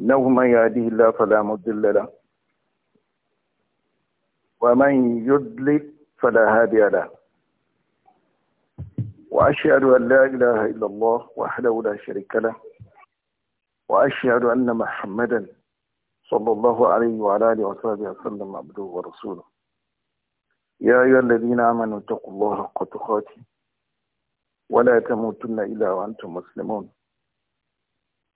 إنه من يهده الله فلا مضل له ومن يضلل فلا هادي له وأشهد أن لا إله إلا الله وحده لا شريك له وأشهد أن محمدا صلى الله عليه وعلى آله وصحبه وسلم عبده ورسوله يا أيها الذين آمنوا اتقوا الله حق تقاته ولا تموتن إلا وأنتم مسلمون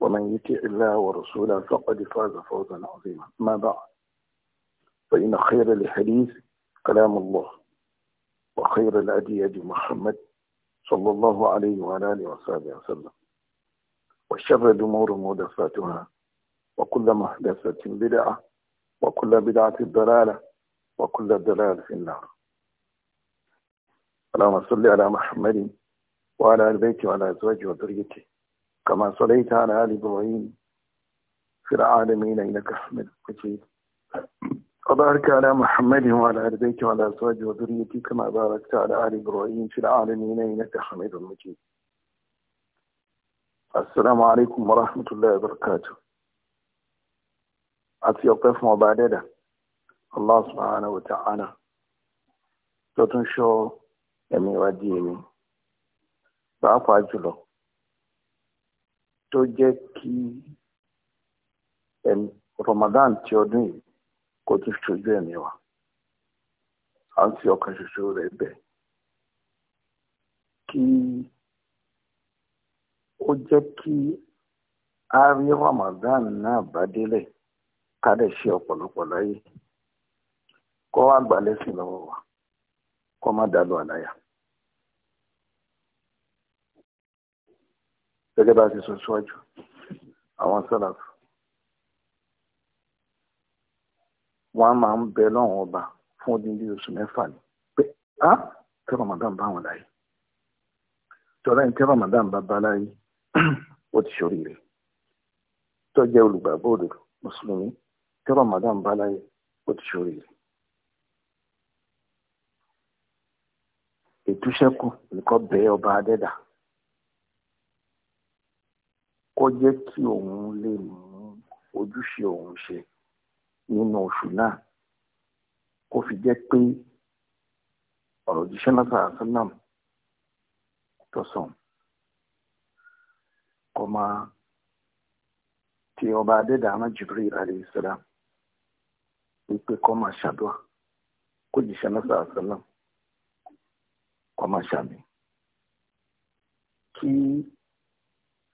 ومن يطع الله ورسوله فقد فاز فوزا عظيما ما بعد فإن خير الحديث كلام الله وخير الأدي محمد صلى الله عليه وعلى آله وصحبه وسلم وشر الأمور مدفاتها وكل محدثة بدعة وكل بدعة ضلالة وكل ضلال في النار اللهم صل على محمد وعلى آل بيته وعلى أزواجه وذريته كما صليت على آل إبراهيم في العالمين إنك حميد مجيد وبارك على محمد وعلى آل بيته وعلى أزواجه وذريته كما باركت على آل إبراهيم في العالمين إنك حميد مجيد السلام عليكم ورحمة الله وبركاته أتي ọpẹ́ fún الله سبحانه وتعالى subhanahu wa ta'ala tó tún tó jẹ́ kí Ramadan ti ọdún yìí kó tún ṣojú ẹ̀mí wa à ń fi ọkàn ṣoṣo rẹ̀ bẹ̀ kí ó jẹ́ kí a rí Ramadan náà bá délẹ̀ ká lè ṣe ọ̀pọ̀lọpọ̀ láyé kó wá gbà lẹ́sìn lọ́wọ́ wa kó má dàlú àlàyà. gẹ́gẹ́ bá a ti sọ síwájú àwọn sálàfù wọ́n máa ń bẹ lọ́wọ́n ọba fún odindi oṣù mẹ́fà ni pé á tẹ́ ramadan bá wọn láyé tọ́lá ní tẹ́ ramadan bá bá láyé ó ti ṣoríire tó olùgbàgbọ́ òdodo mùsùlùmí tẹ́ ramadan bá láyé ó ti ṣoríire. ètúṣẹ́kù nìkan bẹ́ẹ̀ ọba adẹ́dà kó jẹ́ kí òun lè mú ojúṣe òun ṣe nínú oṣù náà kó fi jẹ́ pé ọ̀rọ̀ jíṣẹ́ náà sàásánà tó sàn kó máa tí ọba adédáná Jibril alayhi salam wípé kó máa ṣàdúrà kó jíṣẹ́ náà sàásánà kó máa ṣàmì kí.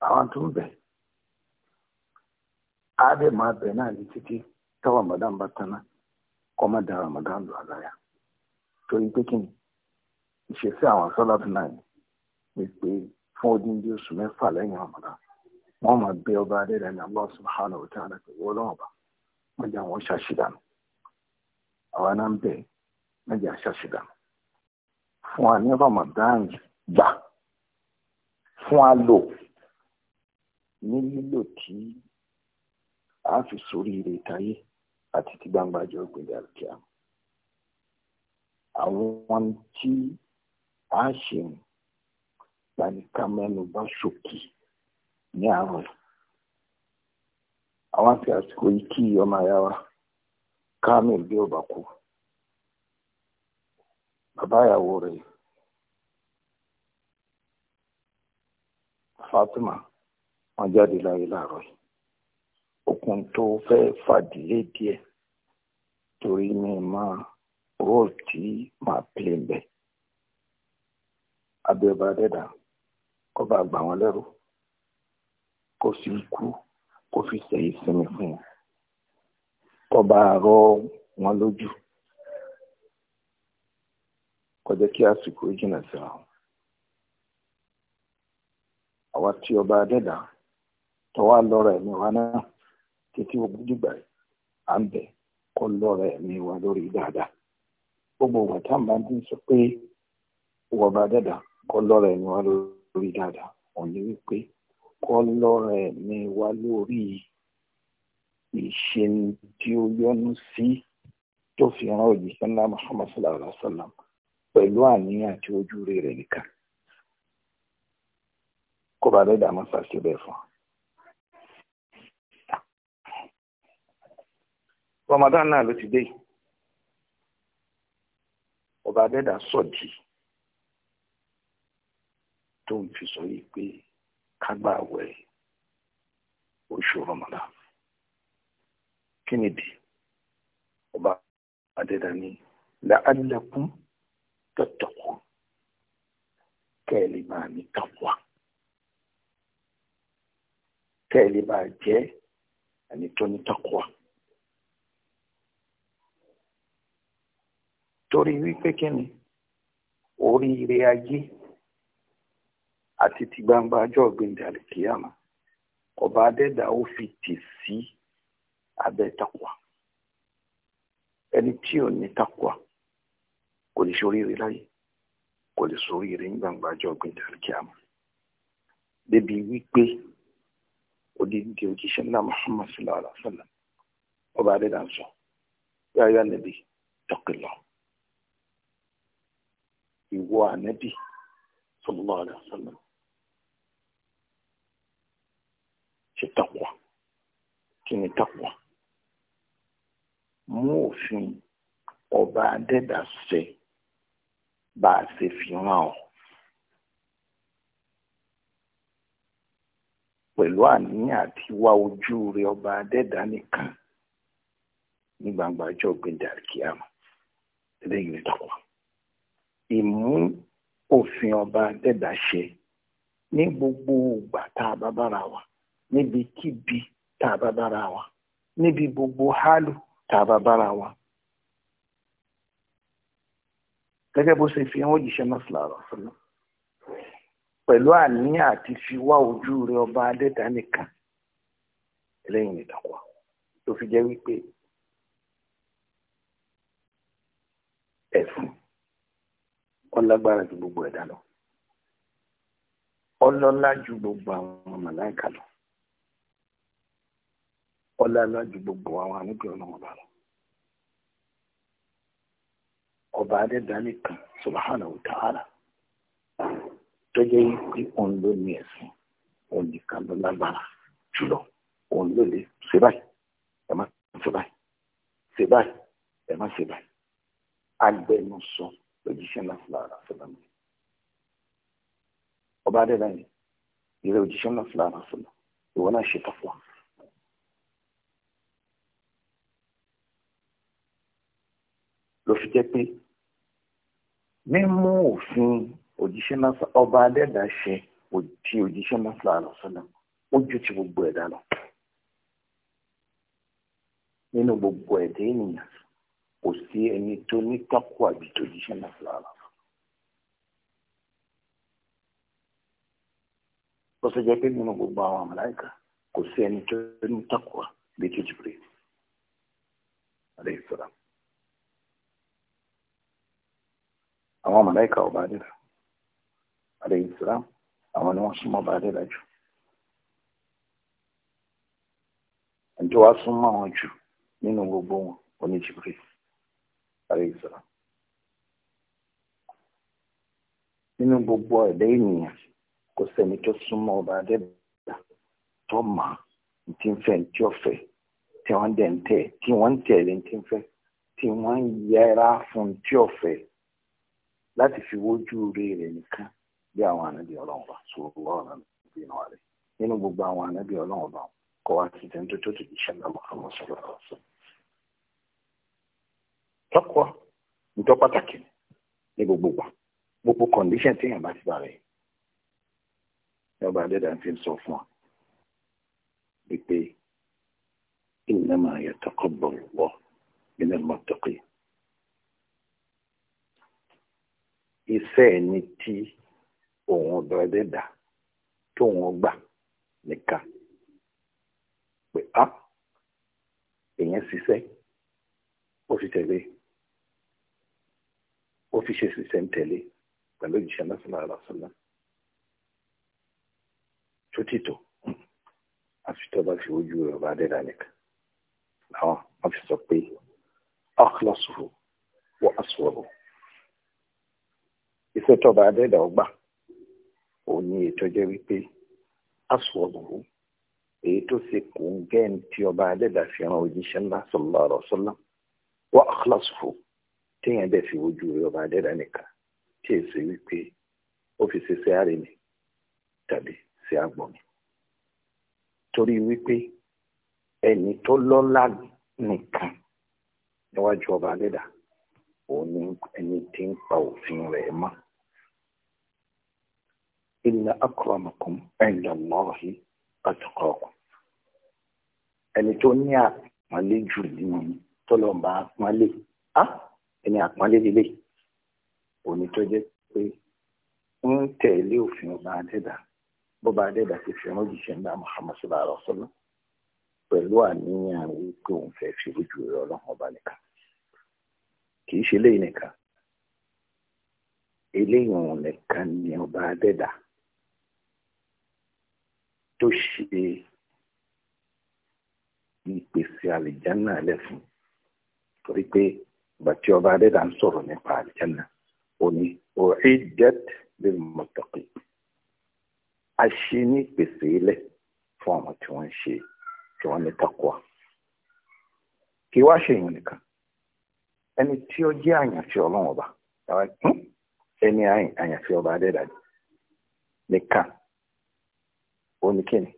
awa ntuli mbe. a abu mba naanị na alisiki tawa madam batana kwa madara madam ndu alaya. tori bekee nke. nsefe awa salatu naanị. ndi kpughe fungwadum je sume falen ya wa madam. nwa ọ ma be ya ọ baa adịla ya na n'alasị alhamdulilahi ala kemgbe ọ baa lọnwa baa. maja nwa o shashira na. awa na mbe. maja ashashira na. funwa neva madam ya. fun alo ní lílò tí a fi ṣoríire táyé àti ti gbangba jọ ìpínlẹ̀ àlùkíá àwọn tí a ṣe ń gbanika mẹ́nu bá ṣòkè ní àárọ̀ àwọn àti àsìkò yìí kí ọmọ àyà wa kamil bí ọba kú bàbá ìyàwó rẹ̀ Fatima wọ́n jáde láyé láàárọ̀ yìí okùn tó fẹ́ fàdílé díẹ̀ torí mi máa role tí màá plé ń bẹ̀ abẹ́ọba dẹ́dà kọba àgbà wọn lẹ́rù kó fi ikú kó fi sẹ́yìn sinmi fún wọn kọba àárọ̀ wọn lójú kọjá kí àsìkò jìnnà síra àwa tí ọba dẹ́dà tọ́wá lọ́rọ̀ ẹ̀mí wa náà títí ogun dìgbà à ń bẹ̀ kọ́ lọ́rọ̀ ẹ̀mí wa lórí dáadáa gbogbo ìgbà tá à ń bá ti sọ pé wọ́n bá dáadáa kọ́ lọ́rọ̀ ẹ̀mí wa lórí dáadáa òun ni wípé kọ́ lọ́rọ̀ ẹ̀mí wa lórí ìṣeni tí ó yọnu sí tó fi hàn òjíṣẹ́ ńlá Muhammad sallallahu alaihi wa sallam pẹ̀lú àníyàn àti ojú rere nìkan kó bá dẹ́dàá mọ́sàsì bẹ́ẹ̀ fún un. Ramadan náà ló ti dé ọba adẹ́dà sọ̀dí tó ń fi sọ yìí pé kágbà wẹ̀ oṣù Ramadan kí ni dì ọba adẹ́dà ní la'allakum tattaqun kẹ́ẹ̀lì máa ní taqwa kẹ́ẹ̀lì máa jẹ́ ẹni tó ní taqwa. torí wípé kí ni oríire ayé àti ti gbangba ọjọ́ gbẹ̀ndàlẹ̀ kìyàmà ọba adẹ́dà ó fi tì sí abẹ́ takwa ẹni tí ò ní takwa kò lè ṣoríire láyé kò lè ṣoríire ní gbangba ọjọ́ gbẹ̀ndàlẹ̀ kìyàmà débi wípé odidi òjíṣẹ́ ńlá Muhammad sallallahu alaihi wa sallam ọba adẹ́dà ń sọ yáyá nàbí taqillah ìwọ ànábì sallallahu alaihi wasallam ṣe taqwa kí ni taqwa mú òfin ọba adẹ́dà ṣẹ bá a ṣe fi hàn ọ́ pẹ̀lú àníyàn àti wá ojú rẹ ọba adẹ́dà nìkan ní gbangba ọjọ́ gbẹ̀dẹ̀ àríkíyàmù eléyìí ni ìmú òfin ọba dẹ́dà ṣe ní gbogbo ìgbà tá a bá bára wa níbikíbi tá a bá bára wa níbi gbogbo hálù tá a bá bára wa. gẹ́gẹ́ bó ṣe fi hàn òjíṣẹ́ náà sílára fúnná pẹ̀lú àníyàn àti fi wá ojú rẹ ọba adẹ́dà nìkan lẹ́yìn ìdàkọ́ tó fi jẹ́ wípé ẹ̀sùn ọlágbára ju gbogbo ẹ̀dá lọ ọlọ́lá ju gbogbo àwọn màláìka lọ ọlọ́lá ju gbogbo àwọn àníbì ọlọ́wọ́n bá lọ ọba adẹ́dá nìkan subhanahu wa ta'ala tó jẹ́ pé òun ló ní ẹ̀sìn òun nìkan ló lágbára jùlọ òun ló lè ṣe báyìí ẹ má ṣe báyìí ṣe báyìí ẹ má ṣe báyìí agbẹnusọ lójíṣẹ́ náà fúlára fúlá mi ọba adẹ́dá yìí ìrẹ́ òjíṣẹ́ náà fúlára fúlá ìwọ náà ṣe tọ́fọ́ ló fi jẹ́ pé mímú òfin òjíṣẹ́ náà ọba adẹ́dá ṣe ti òjíṣẹ́ náà fúlára fúlá ó ju ti gbogbo ẹ̀dá lọ nínú gbogbo ẹ̀dá ènìyàn kò sí ẹni tó ní tako àbí tó jíṣẹ́ náà lára. ó sì jẹ́ pé nínú gbogbo àwọn àmàláìkà kò sí ẹni tó ní tako àbí tó Jibril alayhi salam. àwọn àmàláìkà ọba adéra alayhi salam àwọn ni wọ́n súnmọ́ ọba adéra jù. ẹni tó wá súnmọ́ àwọn jù nínú gbogbo wọn oníjìbìrì. àríṣà nínú gbogbo ẹ̀dá ènìyàn kò sẹ́ni tó súnmọ́ ọba adẹ́bàá tó mà tí ń fẹ́ tí ó fẹ́ tí wọ́n dẹ̀ ń tẹ̀ tí wọ́n ń tẹ̀lé tí ń fẹ́ tí wọ́n ń yẹra fún tí ó fẹ́ láti fi wójú nìkan bí àwọn ànábì ọlọ́run bá bí rẹ̀ nínú gbogbo àwọn ànábì ọlọ́run bá kọ́ wa ti tọ́kọ ìtọ́ pàtàkì ní gbogbo gbà gbogbo condition tí èèyàn bá ti bá rẹ̀ yọba adẹ́dà fi ń sọ fún wa wípé innama yataqabbalu Allahu minal muttaqin iṣẹ́ ẹni tí òun ọ̀dọ̀ ẹ̀dẹ́dà tóun gbà nìkan pé á ah, èèyàn ṣiṣẹ́ ó fi tẹ̀lé e ó fi ṣe ṣiṣẹ́ntẹ̀lé pẹ̀lú òjíṣẹ́ lásìlá àlásìlá tó tìtò àfitọ́ bá fi ojú rẹ̀ bá dẹ́dà nìkan làwọn wọ́n fi sọ pé akhlasuhu wa aswahu iṣẹ́ tọ́ba dẹ́dà ọgbà òun ni ètò jẹ́ wípé aswahu èyí tó ṣe kò ń tí ọba adẹ́dà fi ran òjíṣẹ́ ńlá sallallahu alaihi wasallam wa akhlasuhu téèyàn dẹ̀ fi wojú rẹ̀ ọba adẹ́dá nìkan tí èsì wípé ó fi ṣe sí àárẹ̀ mi tàbí sí àgbọ̀n mi torí wípé ẹni tó lọ́lá nìkan níwájú ọba adẹ́dá òun ni ẹni tí ń pa òfin rẹ̀ mọ́ inna akramakum inda Allahi atqakum ẹni tó ní àpọ́nlé jù nínú tọ́lọ́mbà àpọ́nlé Ah? ẹni àpọ́nlé lílé òní tó jẹ́ pé ń tẹ̀lé òfin ọba adẹ́dà bọ́ba adẹ́dà ti fi ọmọdé ṣe ń bá Muhammad sọlá rọ sọlá pẹ̀lú àníyàn wípé òun fẹ́ fi ojú rẹ ọlọ́run ọba nìkan kì í ṣe léyìn nìkan eléyìn òun nìkan ni ọba adẹ́dà tó ṣe ìpèsè àlìjánà lẹ́fun torí pé bàtí ọba adéda ń sọ̀rọ̀ nípa àlìjánná ó ní u'iddat lil muttaqin a ṣe ní pèsè ilẹ̀ fún àwọn tí wọ́n ń ṣe tí wọ́n ní takwa kí wá ṣe èèyàn nìkan ẹni tí ó jẹ́ àyànfẹ́ ọlọ́run ọba ẹni àyànfẹ́ ọba adéda nìkan ó ní kíni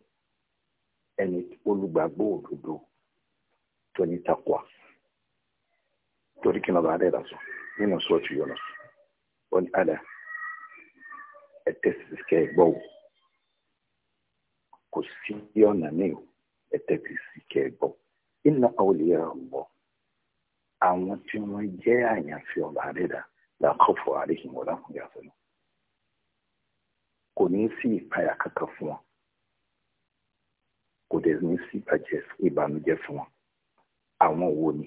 ẹni olùgbàgbọ́ òdodo tó ní takwa torí kí lọ́ba adẹ́dà sọ nínú sọ́ọ̀tù yọ̀nà wọn ni alẹ́ ẹ tẹ̀sí kẹ́ ẹ gbọ́ o kò sí ọ̀nà ní o ẹ tẹ̀sí kẹ́ ẹ gbọ́ inna àwọn tí wọ́n jẹ́ àyànfẹ́ ọba adẹ́dà la khawfun alayhim wa lahum yahzanun kò ní sí ìpayà kankan fún wọn kò dẹ̀ ní sí ìbàjẹ́ ìbànújẹ́ fún wọn àwọn wo ni.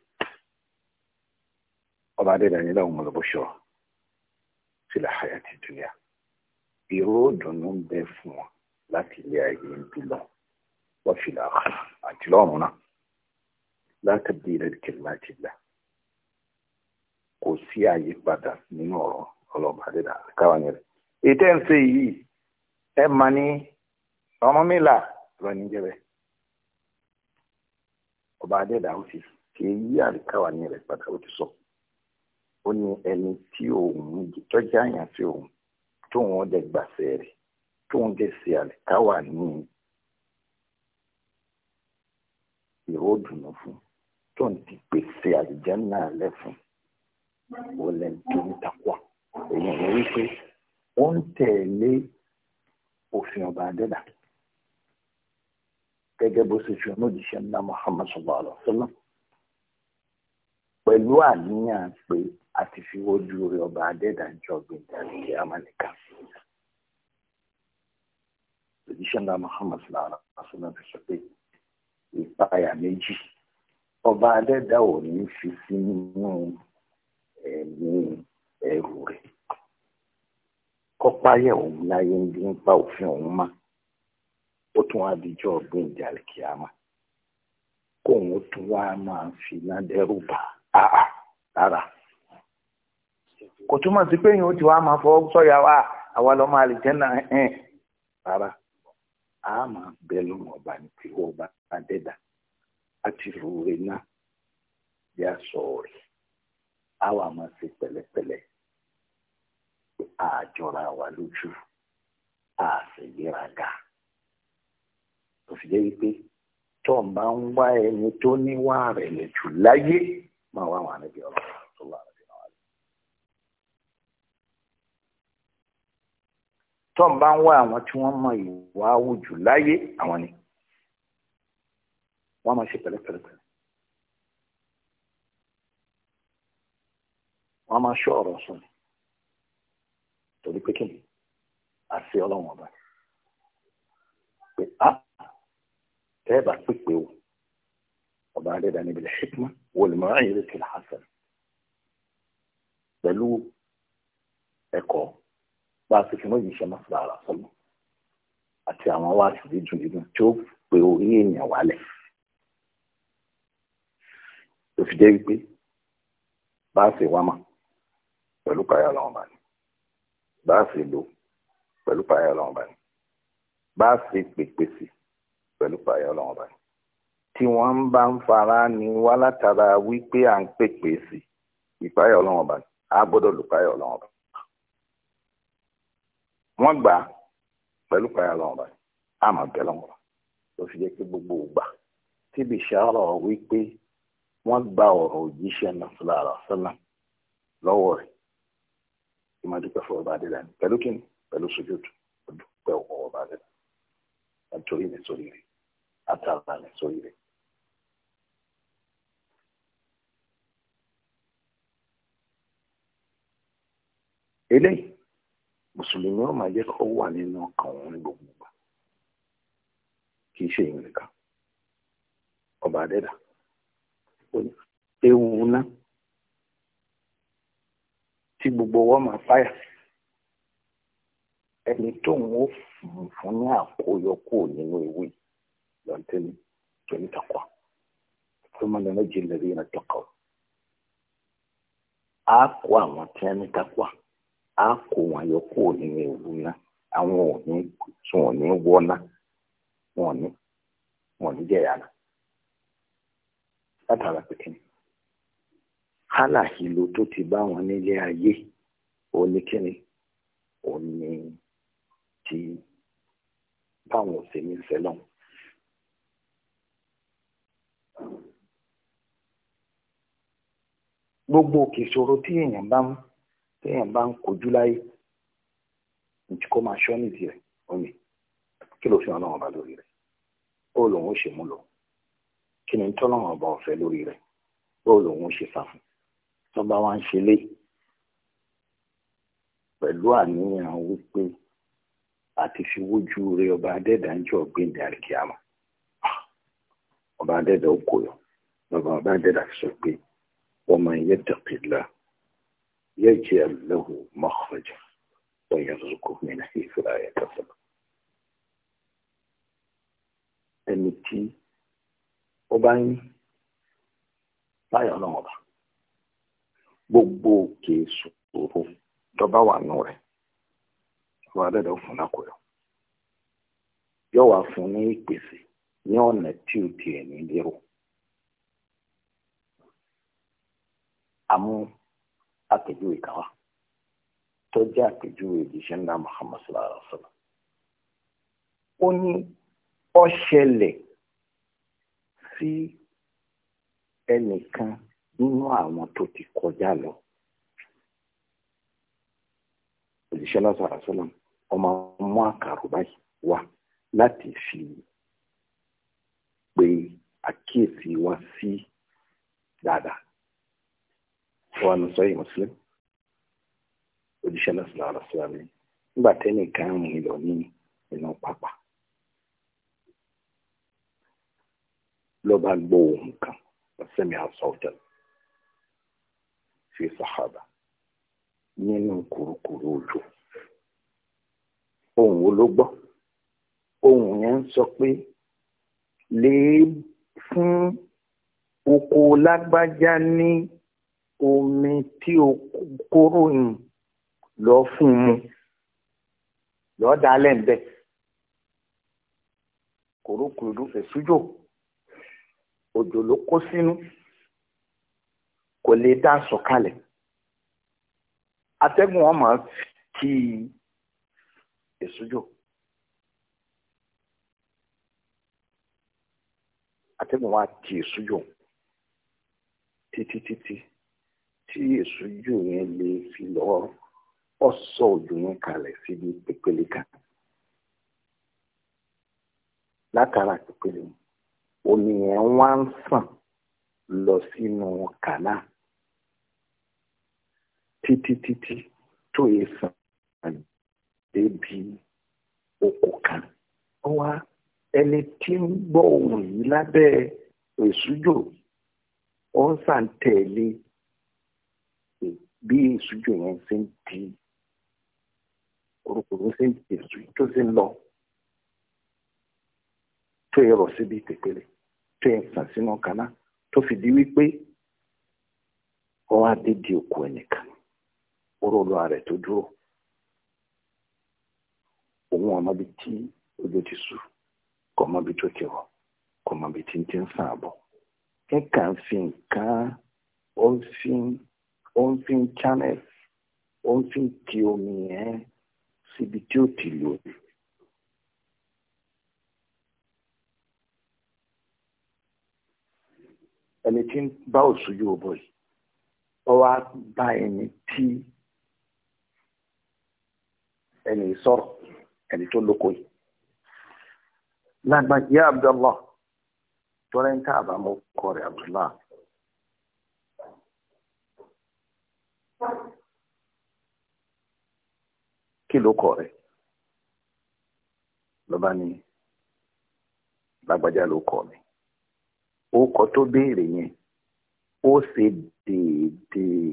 ọba adédàní lọ́wọ́ mọ̀lọ́bọ̀ṣọ́ sílẹ̀ àyàtì túyà ìró ìdùnnú ń bẹ fún wọn láti ilé ayé ń bí lọ wọ́n fi là àti lọ́rùn náà látàbí ilẹ̀ kìlìmá ti là kò sí àyípadà nínú ọ̀rọ̀ ọlọ́ba adédàní káwọn yẹn rẹ̀ ètò ẹ̀ ń ṣe yìí ẹ̀ máa ní ọmọ mi là lọ́ni jẹ́ bẹ́ẹ̀ ọba adédàní ti kì í yí àríkáwá ní rẹ̀ pátá ó ti sọ̀rọ̀ ó ní ẹni tí òun tọ́jú àyàn sí òun tóun ọdẹ gbàṣẹ rẹ̀ tóun dẹ ṣe àlìkáwà ní ìró dùnú fún tóun ti pèsè àlìjẹ́ náà lẹ̀ fún òun lẹ́ni tó ń takwa èèyàn ló wí pé ó ń tẹ̀lé òfin ọba adẹ́dà gẹ́gẹ́ bó ṣe fi ọmọdé ṣe ńlá Muhammad sallallahu alaihi wa sallam pẹ̀lú àníyàn pé a ti fi wojú rẹ ọba adẹ́dàjọ́ gbẹ̀dàgbẹ̀ amánìkà. Òjíṣẹ́ ńlá Muhammad Sàlámà Sọ́nà ti sọ pé ìpayà méjì ọba adẹ́dà ò ní fi sínú ẹ̀mí ẹrù rẹ̀. Kọ́páyà òun láyé ń bí ń pa òfin òun mọ́. Ó tún wá dijọ́ gbẹ̀dàgbẹ̀ àmà. Kóun ó tún wá máa fi náà dẹ́rù bà àà ah, ah, rárá kò túmọ̀ sí pé èèyàn ti wá máa fọ́ sọ́yà wá àwa lọ́mọ àlìjẹ́nà ẹ̀ẹ́n rárá a máa bẹ ọba ní tí wọ́n bá bá dẹ́dà àti náà bí a sọ rẹ̀ a wà máa ṣe pẹ̀lẹ́pẹ̀lẹ́ àjọra lójú fi wípé tó ń bá ń wá jù láyé. máa wá àwọn àníbi ọ̀rọ̀ tó lọ àníbi náà wáyé. tọ́m bá ń wá àwọn tí wọ́n mọ ìwà àwùjù láyé àwọn ni wọ́n máa ṣe pẹ̀lẹ́pẹ̀lẹ́pẹ̀lẹ́. wọ́n máa ṣọ́ ọ̀rọ̀ sùn torí pé kí ni àṣẹ ọlọ́run ọba pé a ah, tẹ́ ẹ bá pípé o ọba adéda níbi lẹ́ṣẹ̀kùmá. والمعايرة الحسن pẹ̀lú ẹ̀kọ́ bá a ti fi mọ́jì iṣẹ́ máa fara sọ́nà àti àwọn wá sí dídùn dídùn tí ó pe orí èèyàn wálẹ̀ tó fi jẹ́ wípé bá a ṣe wá mà pẹ̀lú payá ọlọ́run bá ní bá a ṣe lò pẹ̀lú payá ọlọ́run bá ní bá a ṣe pèpèsè pẹ̀lú payá ọlọ́run bá ní tí wọ́n ń bá ń fara ni wá látara wípé à ń pèpè sí ìpáyà ọlọ́run ọba a gbọ́dọ̀ lùpáyà ọlọ́run ọba wọ́n gbà pẹ̀lú ìpáyà ọlọ́run ọba a máa bẹ̀ lọ́wọ́ ló fi jẹ́ pé gbogbo ògbà tíbi ìṣàrọ̀ wípé wọ́n gba ọ̀rọ̀ òjíṣẹ́ náà fúnra rà sọ́nà lọ́wọ́ rẹ̀ kí máa dúpẹ́ fún ọba adéla ni pẹ̀lú kíni pẹ̀lú sojútù ó dúpẹ́ ọ̀pọ̀ ọba adéla nítorí mi sórí àtàlà mi sórí eléyìí mùsùlùmí ọmọ jẹ́ kó wà nínú ọkàn wọn ní gbogbo ìgbà kì í ṣe ìrìn nìkan ọba àdẹ́dà ewu ńlá tí gbogbo wọn máa fáyà ẹni tóun ó fún ní àkóyọkú nínú ewu yìí lọ́ntẹ́ni tó ní takwa tó máa lọ́nà jìnlẹ̀ rí ẹ̀rọ tọkọ á kó àwọn tí wọ́n a kó wọn yọ kó nínú ewu náà àwọn ò ní tí wọn ò ní wọ náà wọn ò ní wọn ní jẹyà náà látara pé kíni hálàhìlò tó ti bá wọn nílé ayé òun ní kíni ti báwọn ò sí ní sẹlọ̀n. gbogbo kìsòrò tí èèyàn bá ń téèyàn bá ń kojú láyé nítí kó máa ṣọ́ nìdí rẹ̀ omi kí ló fi hàn náà ọba lórí rẹ̀ ó lòun ó ṣe mú lò kí ni tọ́ náà ọba ọ̀fẹ́ lórí rẹ̀ ó lòun ó ṣe sàfún tó bá wá ń ṣe lé pẹ̀lú àníyàn wípé àti fi wójú rẹ ọba adẹ́dàá ń jọ gbẹ̀ndẹ̀ àríkíámà ah! ọba adẹ́dàá ó kò yọ ọba adẹ́dàá fi sọ pé wa man yattaqillah. يجعل له مخرجا ويرزقه من حيث لا يحتسب ẹni tí ó bá ń báyọ̀ náà ọba gbogbo òkè ìṣòro tọba wà nù rẹ̀ ọba dẹ́dọ̀ fún lákòóyọ̀ yóò wá fún ní ìpèsè ní ọ̀nà tí ò tiẹ̀ ní lérò àmọ́ àpèjúwe kan wá tó jẹ́ àpèjúwe ìjíṣẹ́ ńlá Muhammad sallallahu alaihi wa sallam ó ní ó ṣẹlẹ̀ sí ẹnìkan nínú àwọn tó ti kọjá lọ òjíṣẹ́ lọ́sọ̀ àràsọ́lá ọmọ mú àkàrò báyìí wá láti fi pe àkíyèsí wá sí dáadáa wọn sọ yìí muslim òjíṣẹ́ náà sọ̀rọ̀ àrọ̀ síra mi nígbà tẹ́nì kan rìn lọ ní inú pápá ló bá gbọ́ ohùn kan sẹ́mi àsọ̀tẹ̀ fi sàhábà nínú kùrukùru òjò ohùn wo ló gbọ́ ohùn yẹn ń sọ pé lè fún oko lágbájá ní omi tí o kóró yìí lọ fún mu lọ́ọ́ da lẹ́ǹbẹ̀ kòrókòrò èsújò òjò ló kó sínú kò lè dá sọ̀kalẹ̀ atẹ́gùn ọmọ ti èsújò atẹ́gùn wa ti èsújò títí títí tí èso jù yẹn lè fi lọ́wọ́ ọ sọ òjò yẹn kalẹ̀ síbi pépélé kan látara pépélé omi yẹn wá ń sàn lọ sínú kànáà títí títí tó yẹ sàn débi oko kan wá ẹni tí ń gbọ́ ohùn yìí lábẹ́ èsújò ó ń sàn tẹ̀lé bí ìṣújò yẹn ṣe ń di orúkọ ló ṣe ń di èṣù tó ṣe ń lọ tó yẹ rọ síbi pèpèlè tó yẹ sàn sínú kaná tó fi di wípé ọwọ́ adé di òkú ẹnìkan orólù ààrẹ tó dúró òun ọmọ tí ojú ti sù kọ tó ti ó ń fi channel ó ń fi ti omi yẹn síbi tí ó ti lò ẹni tí ń bá òṣù yóò bọ̀ yìí ọ wá bá ẹni tí ẹni sọ̀rọ̀ ẹni tó lóko yìí lágbàjẹ́ Abdullah tọ́lẹ́ńtà àbámọ́ kọ́ rẹ̀ kí ló kọ rẹ̀ ló bá ní ló kọ mi ó kọ tó béèrè yẹn ó ṣe déédéé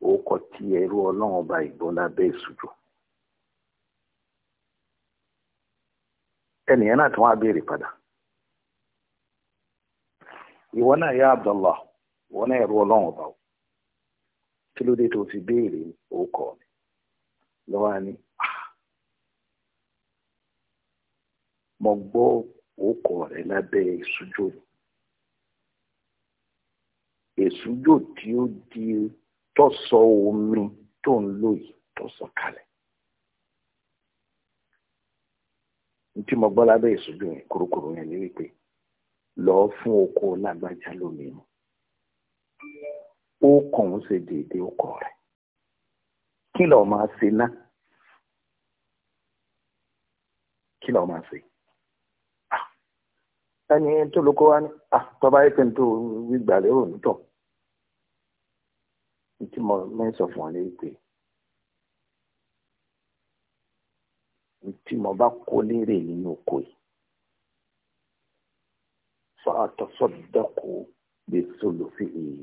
ó kọ tí ẹrú ọlọ́run ọba ìbọn lábẹ́ ìṣújò ẹnìyẹn náà tí wọ́n á béèrè padà ìwọ náà yá Abdullah ìwọ náà ẹrú ọlọ́run ọba o. kí ló dé tó fi béèrè orúkọ mi lọ́wọ́ ni ah, mo gbọ́ orúkọ rẹ lábẹ́ ìṣújò èṣújò tí ó di tọ́sọ omi tó ń lò yìí tọ́sọ kalẹ̀ tí mo gbọ́ lábẹ́ ìṣújò yẹn kúrúkúrú yẹn ní wípé lọ fún oko lágbájá lómi mu ó kàn ń ṣe déédéé ọkọ rẹ̀ kí lọ́ọ́ máa ṣe náà kí lọ́ọ́ máa ṣe ẹni tó ló kó wá ní tọ́ba yìí kan tó gbígbà lérò nítọ̀ tí mo mẹ́sàn fún ọ lè pè tí mo bá kó lérè nínú oko yìí fa àtọ́sọ́dọ́kù bí sólùfì yìí.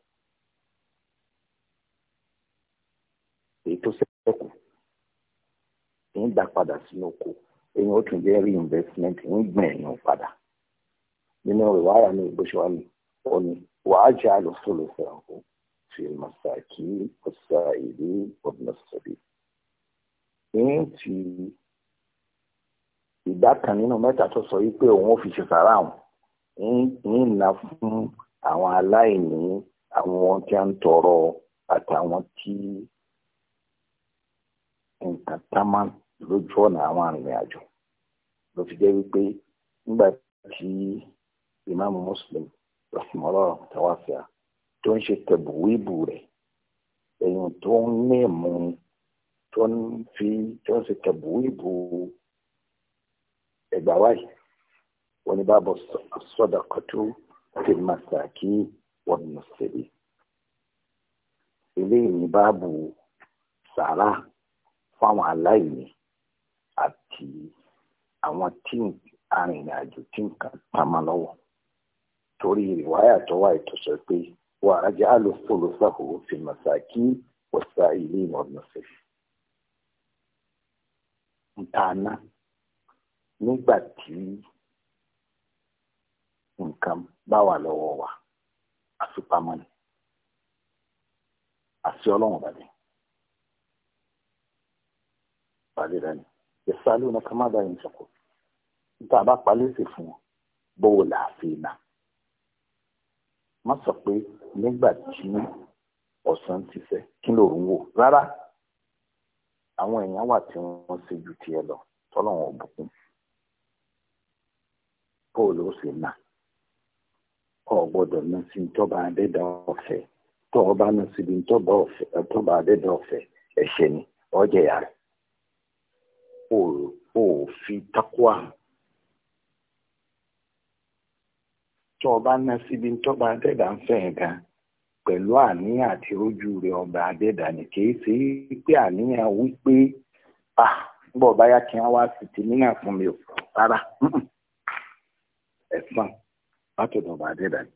ń dá padà sínú oko èyàn ó tún jẹ́ reinvestment ń gbìn èyàn padà nínú rẹ̀ wàhálà ní ìgbésíwá mi ó ní wàá jẹ́ àlùfòlù fẹ̀rànkó fi màsàkì ọ̀sà ìlú ọ̀dùnà sọ̀bì. èyí ti ìdá kan nínú mẹ́ta tó sọ wípé òun ò fi ṣe sàrà àwọn ń na fún àwọn aláìní àwọn tí a ń tọrọ àtàwọn tí nǹkan tá máa lójú ọ̀nà àwọn arìnrìn àjò ló fi jẹ́ wípé nígbà tí Imam Muslim rahimahullah tawafia tó ń ṣe tẹ̀bùwíìbù rẹ̀ èyàn tó ń ní ìmú tó ń fi tó ń ṣe tẹ̀bùwíìbù ẹ̀gbà wáyé wọn ni báàbọ̀ sọ́dọ̀kọ̀tù fi màsàkì wọn nù síbi eléyìí ni báàbù sàrà fáwọn aláìní àti àwọn tí arìnrìnàjò tí nǹkan pamọ́ lọ́wọ́ torí ìwáyà tó wà ìtòsọ pé wà á jẹ́ alùpùpù fi màsàkí wọ̀sà ilé ìmọ̀ọ́nùsẹ̀. ntaana nígbà tí nǹkan bá wà lọ́wọ́ wa àfipamọ́ ni àti ọlọ́run bàbá. parí rẹ̀ ni ìsálú ní ká má dá yín níta bá parí sí fún wọn bówó là náà má sọ pé nígbà tí ọ̀sán ti fẹ́ kí lóru ń wò rárá àwọn èèyàn wà tí wọ́n ṣe ju tiẹ̀ lọ tọ́lọ́wọ́n ò bùkún bóòlù ó sì nà ọ ná sí adẹ́dà ọ̀fẹ́ ná síbi ọ̀fẹ́ ẹ̀ṣẹ̀ ni ò fi tó o bá ná síbi tọba adẹ́dà ń fẹ́ gan pẹ̀lú àníyàn àti ojú rẹ ọba adẹ́dà ni kìí ṣe pé àníyàn wípé ah bọ̀ báyà kí wọ́n wá sí fún mi ọba adẹ́dà ni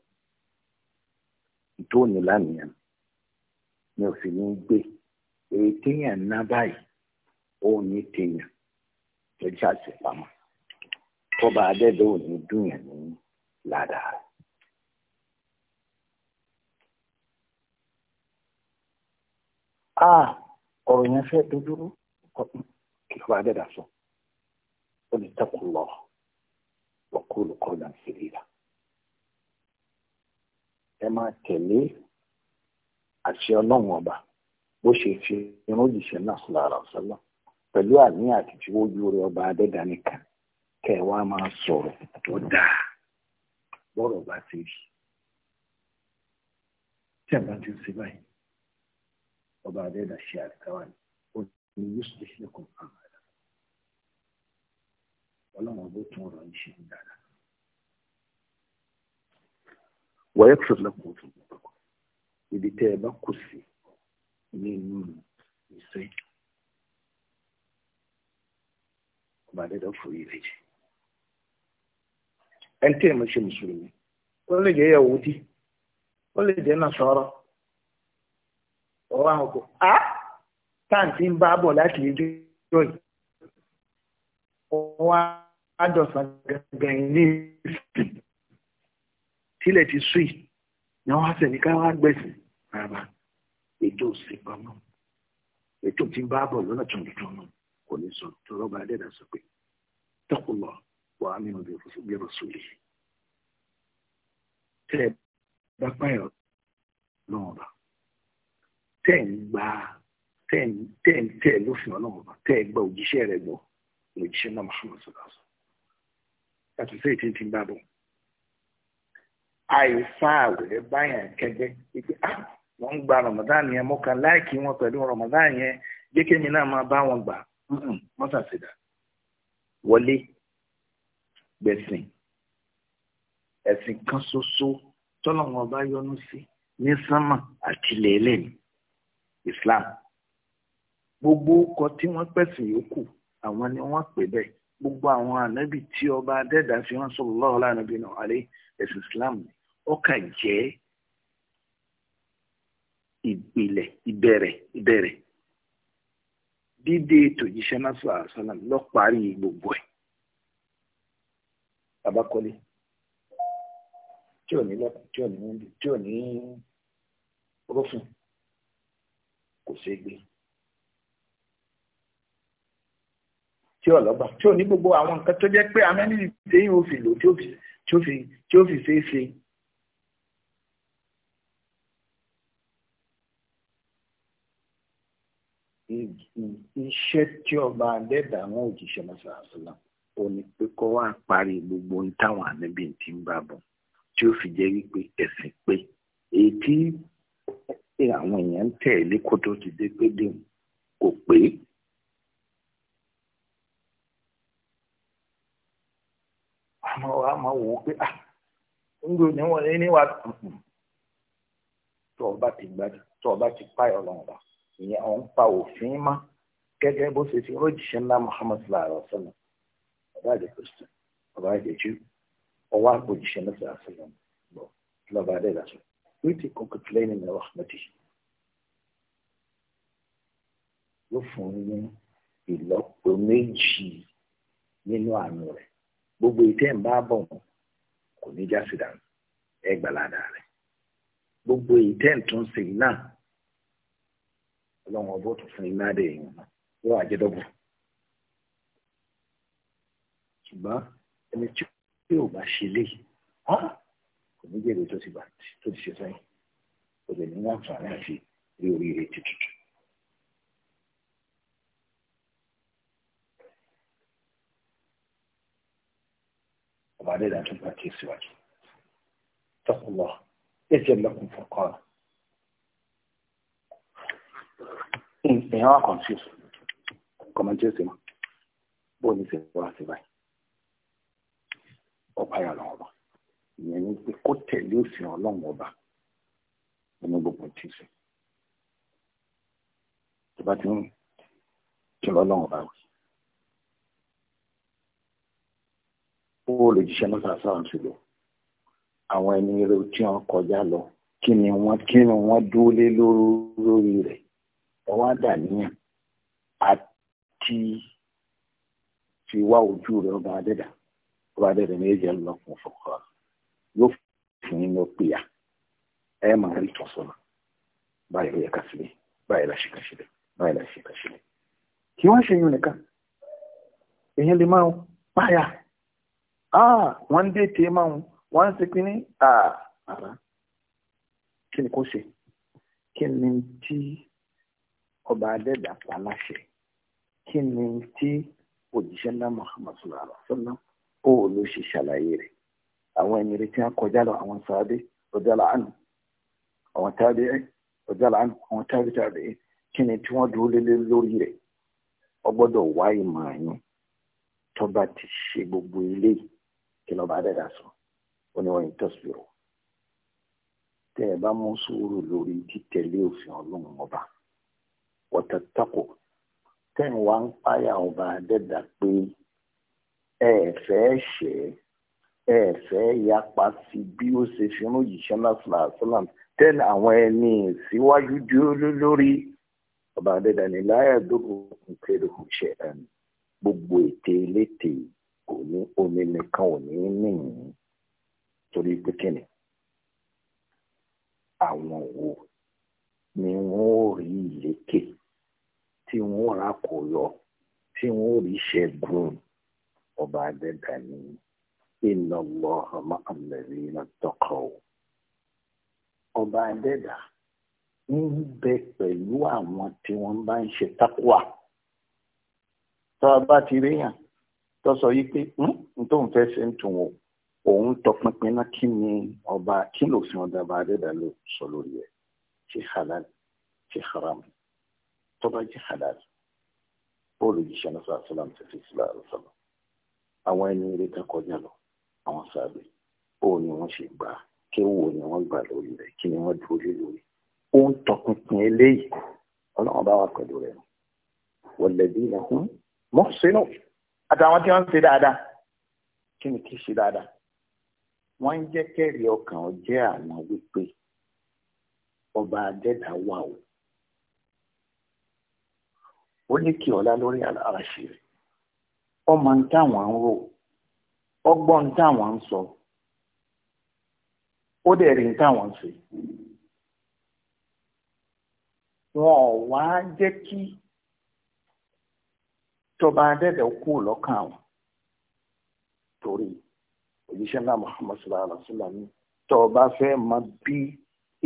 tó ní lánìyàn mi ò sì gbé torí kọba a ọ̀rọ̀ yẹn fẹ́ dojúrú kọba adẹ́dà sọ máa tẹ̀lé àṣẹ ọlọ́run ọba bó ṣe fi irun jìṣẹ́ náà sọ̀rọ̀ àrà ọ̀sán pẹ̀lú àní àti tí ó yúre ọba adẹ́dá nìkan kẹ́ ẹ wá máa sọ̀rọ̀ tó dáa lọ́rọ̀ bá ti rí tí a bá ti ń ṣe báyìí ọba adẹ́dá ṣe àríkáwá ni ó ní yusuf ṣe kò àmàlà ọlọ́run ọba tún ọ̀rọ̀ yìí ṣe dáadáa. wọ́yẹ́ tó lọ́kùn tó lọ́kùn ibi tẹ́ ẹ bá kù sí nínú ìṣẹ́yìn. ba da ɗaukuri ne an taimaki musulmi wanda ke yahudi wanda ke nasara ọwọ́ àwọn kò á táǹtì ń bá bọ̀ láti ìjọ gangan ní ìsìn ti sùn ni wọ́n á sẹ̀ni ká wá rárá ètò ìsìnkú ètò tí ń bá bọ̀ lọ́nà tuntun náà. kò ní sọ tọrọ bá dẹ́dà sọ pé tọkùlọ wà á mìíràn bí ọ̀rọ̀ sórí tẹ́ ẹ bá páyọ̀ náà bá tẹ́ ẹ ń gba tẹ́ ẹ ń tẹ́ ẹ lófin ọlọ́run bá tẹ́ ẹ gba òjíṣẹ́ rẹ gbọ́ òjíṣẹ́ náà Muhammad sallallahu alaihi wasallam yàtọ̀ sí ètí ti ń bá bọ̀ àìfáàwẹ̀ báyà kẹgbẹ́ ìpè ah wọ́n ń gba Ramadan yẹn mọ́kàn láìkí wọn pẹ̀lú Ramadan yẹn jẹ́ kémi náà máa bá wọn gbà wọ́n ṣàṣedà wọlé gbẹ̀sìn ẹ̀sìn kan ṣoṣo tọ́lọ́wọ́n bá yọ́nú sí ní sánmà àti lẹ́lẹ́ ní Islam gbogbo ọkọ̀ tí wọ́n pẹ̀sìn yòókù àwọn ni wọ́n pè bẹ́ẹ̀ gbogbo àwọn ànábì tí ọba adẹ́dà fi wọ́n sọ̀rọ̀ lọ́wọ́ lánàbí náà àlẹ́ ẹ̀sìn Islam ọkà jẹ́ ìpìlẹ̀ ìbẹ̀rẹ̀ ìbẹ̀rẹ̀ dídé tòjíṣẹ́ náà sọ àṣàlà lọ parí gbogbo ẹ̀ tabakọ́lé tí ò ní lọ́kàn tí ò ní wọ́ndì tí ò ní rọ́fùn kò ṣeé gbé tí ò lọ́gbà tí ò ní gbogbo àwọn nǹkan tó jẹ́ pé amẹ́nìyàn tí yóò fi tí ó fi tí ó fi ṣeé ṣe. iṣẹ́ tí ọba adẹ́dà àwọn òjíṣẹ́ lọ́sàásùlá ò ní pé kọ́ wá parí gbogbo ohun táwọn ànábì ti ń bá bọ̀ tí ó fi jẹ́ wípé ẹ̀sìn pé èyí tí àwọn èèyàn ń tẹ̀lé kó tó ti dé pé dé kò pé. àmọ́ wa máa wò ó pé ah ń gbòòní wọlé níwájú tó ọba ti gbádùn tó ọba ti páyọ̀ lọ́wọ́ bá ìyẹn ọ̀ ń pa òfin mọ́ gẹ́gẹ́ bó ṣe fi rọ́jìṣẹ́ ńlá Muhammad sallallahu alaihi wa sallam ọba àjẹ kristian ọba àjẹ jù ọwọ́ àpòjìṣẹ́ ńlá sallallahu alaihi wa sallam bọ̀ lọ́ba adé ìdásọ wíìtì kókò tìlẹ́yìn ní rahmati ló fún ní ìlọ́po méjì nínú àánú rẹ̀ gbogbo ìtẹ́ ń bá bọ̀ wọn kò ní já dànù ẹ gbàládà gbogbo ìtẹ́ ń tún sí náà ọlọ́run ọbọ̀ tó fún iná dé èèyàn yóò àjẹdọ́gbù ṣùgbọ́n ẹni tí yóò bá ṣe lé kò ní jèrè tó ti ṣe sẹ́yìn kò lè ní àǹfààní àti rí oríire ti tuntun. وبعدين أتوقع كيف سواك اتقوا الله اجل لكم فرقانا èèyàn wà confuse kọ̀mọ̀tì òsè mọ́ bó ní ṣe wá sí báyìí ọ̀pá yà lọ́wọ́ ọba ìyẹn ní pé kó tẹ̀lé òfin ọlọ́run ọba nínú gbogbo tí ṣe tó bá ti ń kí lọ́lọ́run ọba wí. ó lè jíṣẹ́ náà sáà sáà sí lò àwọn ẹni rẹ tí wọ́n kọjá lọ kí ni wọ́n dúró lé lórí rẹ̀ ọwọ́ àdàníyàn àti fi wá ojú rẹ ọba adẹ́dà ọba adẹ́dà ní ẹ̀jẹ̀ lọ fún fọkàn yóò fún yín lọ́pẹ́ yá ẹ máa rí tọ́sọ́nà báyìí ló yẹ ká sílẹ̀ báyìí la ṣe ká sílẹ̀ báyìí la ṣe ká sílẹ̀ kí wọ́n ṣe yún nìkan èèyàn lè máa páyà ah, wọ́n ń dé tèé máa wọ́n ń ṣe pín ní ah, kí ni kò ṣe kí ni tí ọba adẹ́dà paláṣẹ kí ni tí òjíṣẹ́ ńlá muhammad sallallahu alaihi wasallam ó ló ṣe ṣàlàyé rẹ̀ àwọn ẹni retí á kọjá lọ àwọn sàádé ọjà làánù àwọn tábí ẹ ọjà làánù àwọn tábí tábí ẹ kí ni tí wọ́n dúró lé lórí rẹ̀ ọ gbọ́dọ̀ wá ìmọ̀ yín tọ́ba ti ṣe gbogbo ilé kí lọ́ba adẹ́dà sọ ó ní tẹ́ ẹ bá mú sùúrù lórí títẹ̀lé òfin ọlọ́run ọba wọtẹtọkọ tẹ ń wá ń páyà ọba adẹ́dà pé ẹ fẹ́ ṣẹ̀ ẹ fẹ́ yapa sí bí ó ṣe fi ń yíṣẹ́ náà fúlàfúlàm tẹ́lẹ̀ àwọn ẹni síwájú dúró lórí ọba adẹ́dà ní láyà dúró nkiri ṣe ẹn gbogbo ète eléte kò ní omi nìkan ò ní nìyí torí pé kíni àwọn wo ni wọn ò rí ìlékè tí wọn ò rà kò yọ tí wọn ò rí ṣẹ́gun ọba adẹ́dà ni inna Allaha ma'al ladhina ttaqaw ọba adẹ́dà ń bẹ pẹ̀lú àwọn tí wọ́n bá ń ṣe tákùwà tó a bá ti ríyàn tó sọ yìí pé hmm, n tóun fẹ́ ṣe ń tún o òun tọpinpin náà kí ni ọba kí lòfin ọba adẹ́dà ló sọ lórí ẹ̀ ṣe halal ṣe haram tó bá jẹ́ halal bóòlù jíṣẹ́ náà sọ́lá sọ́lá ti fi sílá sọ́lá àwọn ẹni eré kan kọjá lọ àwọn sáré bóò ni wọ́n ṣe gbà kí wo ni wọ́n gbà lórí rẹ̀ kí ni wọ́n dúró lé lórí ó ń tọpinpin eléyìí ọlọ́run bá wà pẹ̀lú rẹ̀ wọ̀lẹ́bí náà mọ́sínú àtàwọn tí wọ́n ṣe dáadáa kí ni kí ṣe dáadáa wọ́n ń jẹ́ kẹ́rì ọkàn jẹ́ àwọn wípé ọba adẹ́dàá wà o ó lékè ọlá lórí àràṣì rẹ̀ ọmọ ń táwọn ń rò ọgbọ́n ń táwọn ń sọ ó dẹ̀ rí ń wọn ò wá jẹ́ kí tọba adẹ́dẹ̀ kú lọ́kàn àwọn torí òjíṣẹ́ náà Muhammad sallallahu alaihi wa sallam tọba fẹ́ mọ bí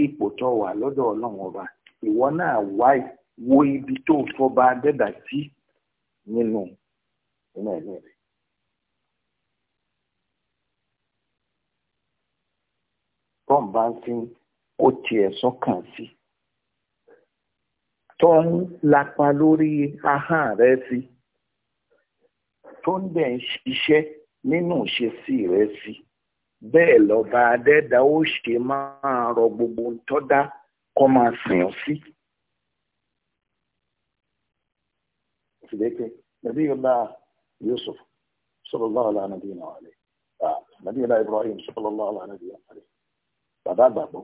ipò tó wà lọ́dọ̀ ọlọ́run ọba ìwọ náà wáyé. wo ibi tó fọba dẹ́dà sí nínú nínú ẹ̀mí rẹ̀. tọ́n bá ń fi kó tiẹ̀ sọ́kàn sí tó ń lapa lórí ahọ́n rẹ̀ sí tó ń dẹ̀ ń ṣiṣẹ́ nínú ìṣesí rẹ̀ sí bẹ́ẹ̀ lọ́ba adẹ́dà ó ṣe máa rọ gbogbo ń tọ́dá kó máa sìn ọ́ sí. Si. su da yake nabiyullah yusuf sallallahu alaihi nabiyina wa alaihi nabiyullah ibrahim sallallahu alaihi nabiyina wa alaihi bàbá àgbàgbọ́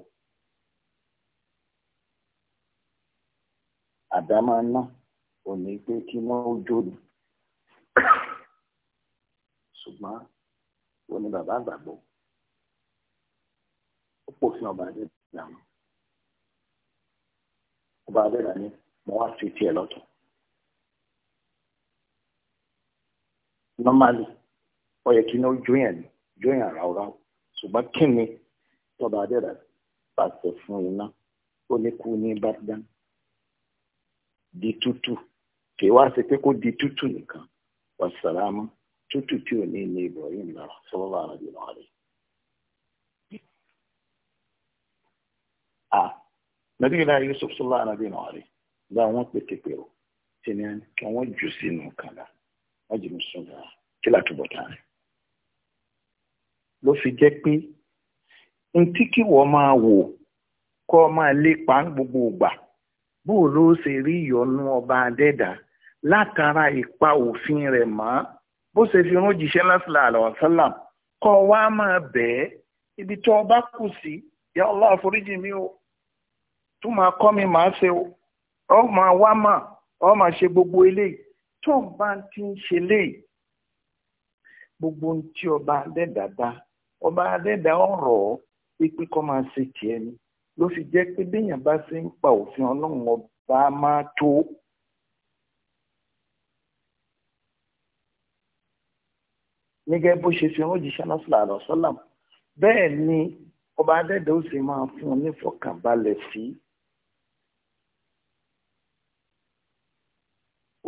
àdámá ná òní pé kí wọ́n ó jó ni ṣùgbọ́n wọ́n ní bàbá àgbàgbọ́ ó pòfin ọba adé ìdáná ọba adé ìdáná mo wá fi tiẹ̀ lọ́tọ̀. normally ó yẹ kí ní ó jóyàn ní jóyàn ráúráú ṣùgbọ́n kí ni tọba adẹ́rà pàṣẹ fún iná ó ní kú ní bàdán di tútù kì í wá ṣe pé kó di tútù nìkan wàsàlámù tútù tí ò ní ní Ibrahim lára sọ́wọ́ àràbí náà rẹ̀. a nàbí ìlà Yusuf sọ́wọ́ àràbí náà rẹ̀ gba àwọn pètèpèrò tí ni kí wọ́n jù sínú kànáà. májèmú sọ̀rọ̀ kí ló fi jẹ́ pé n tí kí wọ́n máa wò kọ́ máa gbogbo ìgbà bó ló ṣe rí ìyọnu ọba adẹ́dà látara òfin rẹ̀ mọ́ bó fi jíṣẹ́ kọ́ wa máa ibi tí ọba kù sí mi o tún máa mi máa ṣe ọ máa wá mà ọ máa ṣe gbogbo eléyìí tó ń bá ti ń ṣe léyìí gbogbo ohun tí ọba adẹ́dà dá ọba adẹ́dà ọ̀rọ̀ pípé kọ́ máa ṣe tiẹ̀ ni ló fi jẹ́ pé béèyàn bá ṣe ń pa òfin ọlọ́run ọba máa tó. nígẹ́ bó ṣe fi ọmọ jíṣẹ́ lọ́sọ̀lá àlọ́sọ́là bẹ́ẹ̀ ni ọba adẹ́dà ó sì máa fún un nífọ̀kànbalẹ̀ sí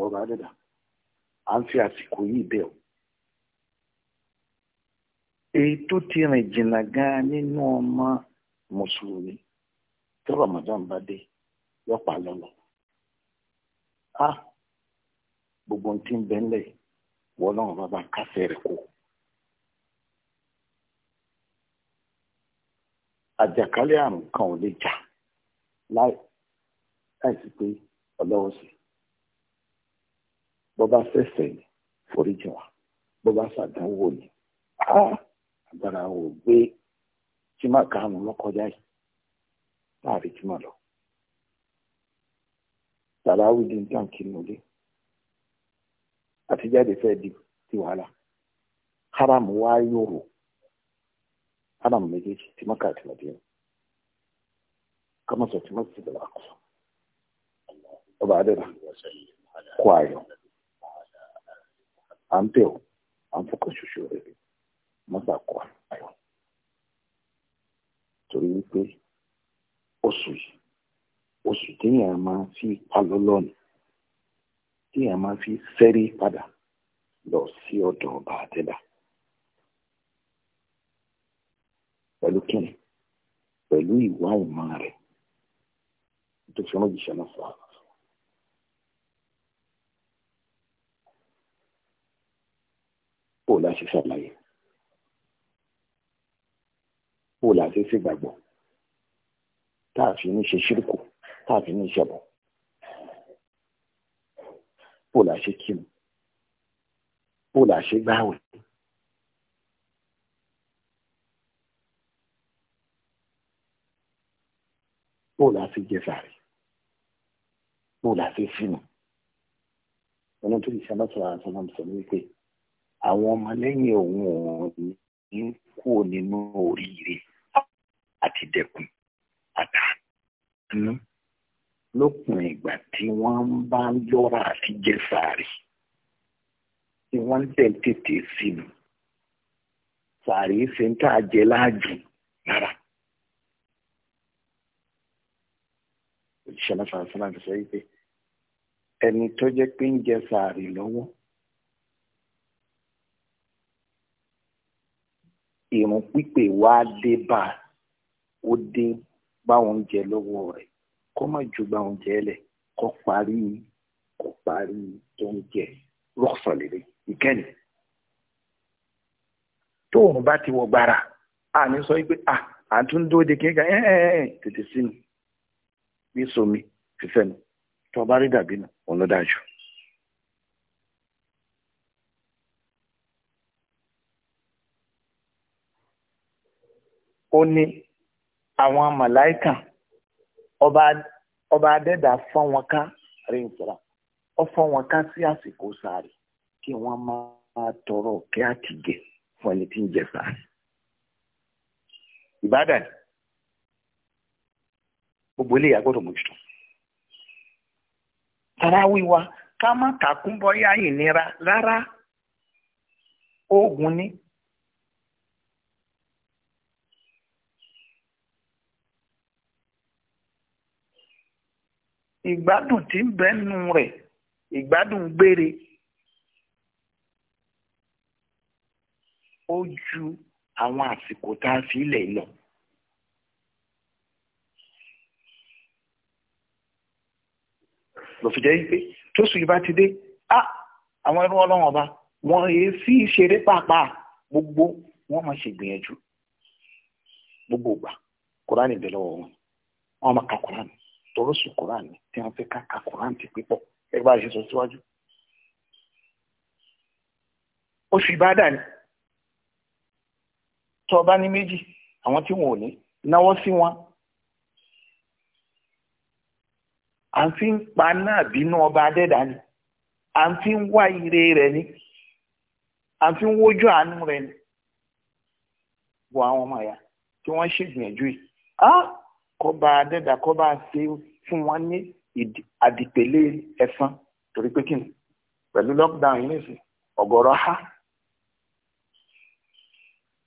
ọba adẹ́dà à ń fi àsìkò yìí bẹ̀ ọ́. èyí tó ti rìn jìnnà gan nínú ọmọ mùsùlùmí tí Ramadan bá dé yọpa lọlọ. a gbogbo ohun tí ń bẹ ńlẹ̀ wọ́n náà bàbá kásẹ̀ rẹ̀ kó. àjàkálẹ̀ àrùn kan ò lè jà láì sí pé ọlọ́wọ́ sí i bọ́bá fẹ́fẹ́ ni foríjì wa bọ́bá ṣàdánwò ni agbára ò gbé jimá karùnún lọ́kọjá yìí láàrin jimá lọ. tàràwí di táǹkì nulẹ àtijáde fẹ́ di ti wàhálà haramu wá yòrò haramu méjèèjì tí mọ́kà àti màdìyàn kọ́mọ́sọ̀ tí mọ́kà ti bẹ̀rẹ̀ àkọsọ ọba adẹ́rẹ́ kó ayọ̀. an teo an fọkàn ṣoṣo rere mọ́tà kọ àyọ̀ torí wípé oṣù yìí oṣù téèyàn máa fi palọ́ ti téèyàn ma fi sẹ́rí padà lo si ọ̀dọ̀ ọba àtẹ́dà pẹ̀lú kíni pẹ̀lú ìwà ìmọ̀ rẹ tó fi rán jíṣẹ́ náà kó o láti ṣàlàyé kó o láti ṣègbàgbọ́ tá a fi ní ṣe ṣírkù tá a fi ní ṣẹbọ kó o láti kírun kó o láti gbààwẹ̀. bóòlù àti jẹsàrì bóòlù àti sínú ọlọ́run tó lè ṣe aláṣọ àṣọ náà sọ wípé àwọn ọmọlẹ́yìn òun òun ń kó nínú oríire àti dẹkùn àtàánú lópin ìgbà tí wọ́n bá ń yọ́ra àti jẹ sàárì tí wọ́n tẹ̀ tètè sínú sàárì ṣe ń tà jẹ láàjù rárá. òṣìṣẹ́ lásán sọ ẹni tó jẹ́ pé ń jẹ lọ́wọ́. ìrun pípè wá dé bá ó dé bá oúnjẹ lọ́wọ́ rẹ̀ kó má ju bá oúnjẹ lẹ̀ kó parí kó parí oúnjẹ rọ́ọ̀sọ̀lẹ̀lẹ̀ ìkẹ́ni. tóun bá ti wọ gbára a ní sọ pé a à ń tún dóde kéka ẹ ẹ ẹ tètè sí mi bí somi fífẹ́ nu tó bá rí dàbí nù òun ló ó ní àwọn màláìkà ọba adẹ́dà fọ́n wọn ká rí ìtura ó fọ́n wọn ká sí àsìkò sáré kí wọ́n máa tọrọ kí á ti jẹ fún ẹni tí ń jẹ sáré. ìbádàn gbogbo eléyà gbọ́dọ̀ mójútó. tara wíwá ká má kàkún bọ́yá ìnira rárá oògùn ni ìgbádùn tí ń bẹ nù rẹ̀ ìgbádùn gbére ó ju àwọn àsìkò tá a fi ilẹ̀ lọ. lọ́fíjẹ́ yìí pé tó sùn yìí bá ti dé á àwọn ẹrú ọlọ́wọ́n ọba wọn èé fi ṣeré pàápàá gbogbo wọn máa ṣègbìyànjú gbogbo ìgbà kúránì bẹ lọ́wọ́ wọn wọn máa ka kúránì dọ́rọ́sù koran tí wọ́n fẹ́ ká ka koran ti pípọ̀ ẹ bá ṣe sọ síwájú. oṣù ìbáàdà ni tọ́ ọba ní méjì àwọn tí wọn ò ní náwó sí wọn. à ń fi ń pa náà bínú ọba adẹ́dá ni à ń fi ń wá ire rẹ̀ ni à ń fi ń wójú àánú rẹ̀ ni. wo àwọn ọmọ ẹ̀yà tí wọ́n ṣègbìyànjú yìí. Ah! kọ́ba adẹ́dà kọ́ba ṣe fún wọn ní àdìpẹ̀lẹ̀ ẹ̀san torí pé kíni pẹ̀lú lockdown yìí nìsín ọ̀gọ̀rọ̀ ha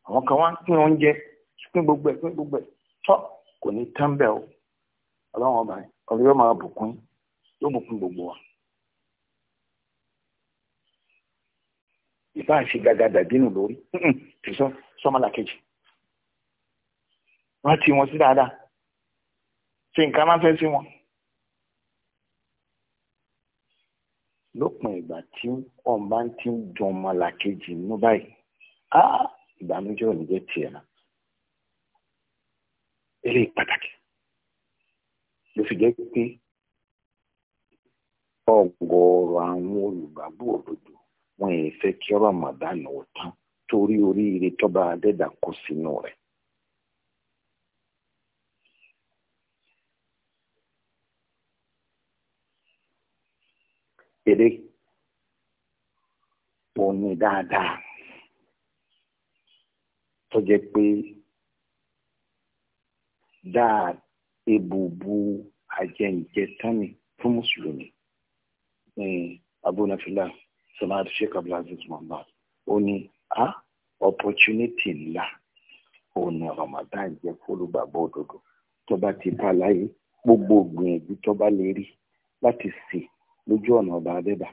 àwọn kan wá ń pín oúnjẹ pín gbogbo ẹ̀ pín gbogbo ẹ̀ tọ́ kò ní tán bẹ́ẹ̀ o ọlọ́run ọba ọlọ́run yóò máa bùkún yóò bùkún gbogbo wa. ìbá ṣe gàgà dàbínú lórí tìsọ sọmọlà kejì wọn ti wọn sí dáadáa ṣe nǹkan ránṣẹ́ sí wọn. lópin ìgbà tí ọ̀n bá ti ń jọ ọmọlàkejì nínú báyìí á ìbànújẹ́ ò ní jẹ́ tiẹ̀ náà. eléyìí pàtàkì ló fi jẹ́ pé ọ̀gọ̀ọ̀rọ̀ àwọn olùgbàgbọ́ òdodo wọn ì fẹ́ kí Ramadan ó tán torí oríire tọ́ba adẹ́dà sínú rẹ̀. eré òun ni dáadáa tó jẹ́ pé dáa ebùbù àjẹǹjẹ tánì fún mùsùlùmí ní abúnafilà sọláàdì sheikh abdulaziz muhammad ó ní a opportunity ńlá òun ni ramadan jẹ́ fólùgbàgbọ́ òdodo tó bá ti bá láyé gbogbo gbìyànjú tó bá lè rí láti sè lójú ọ̀nà ọba adẹ́dà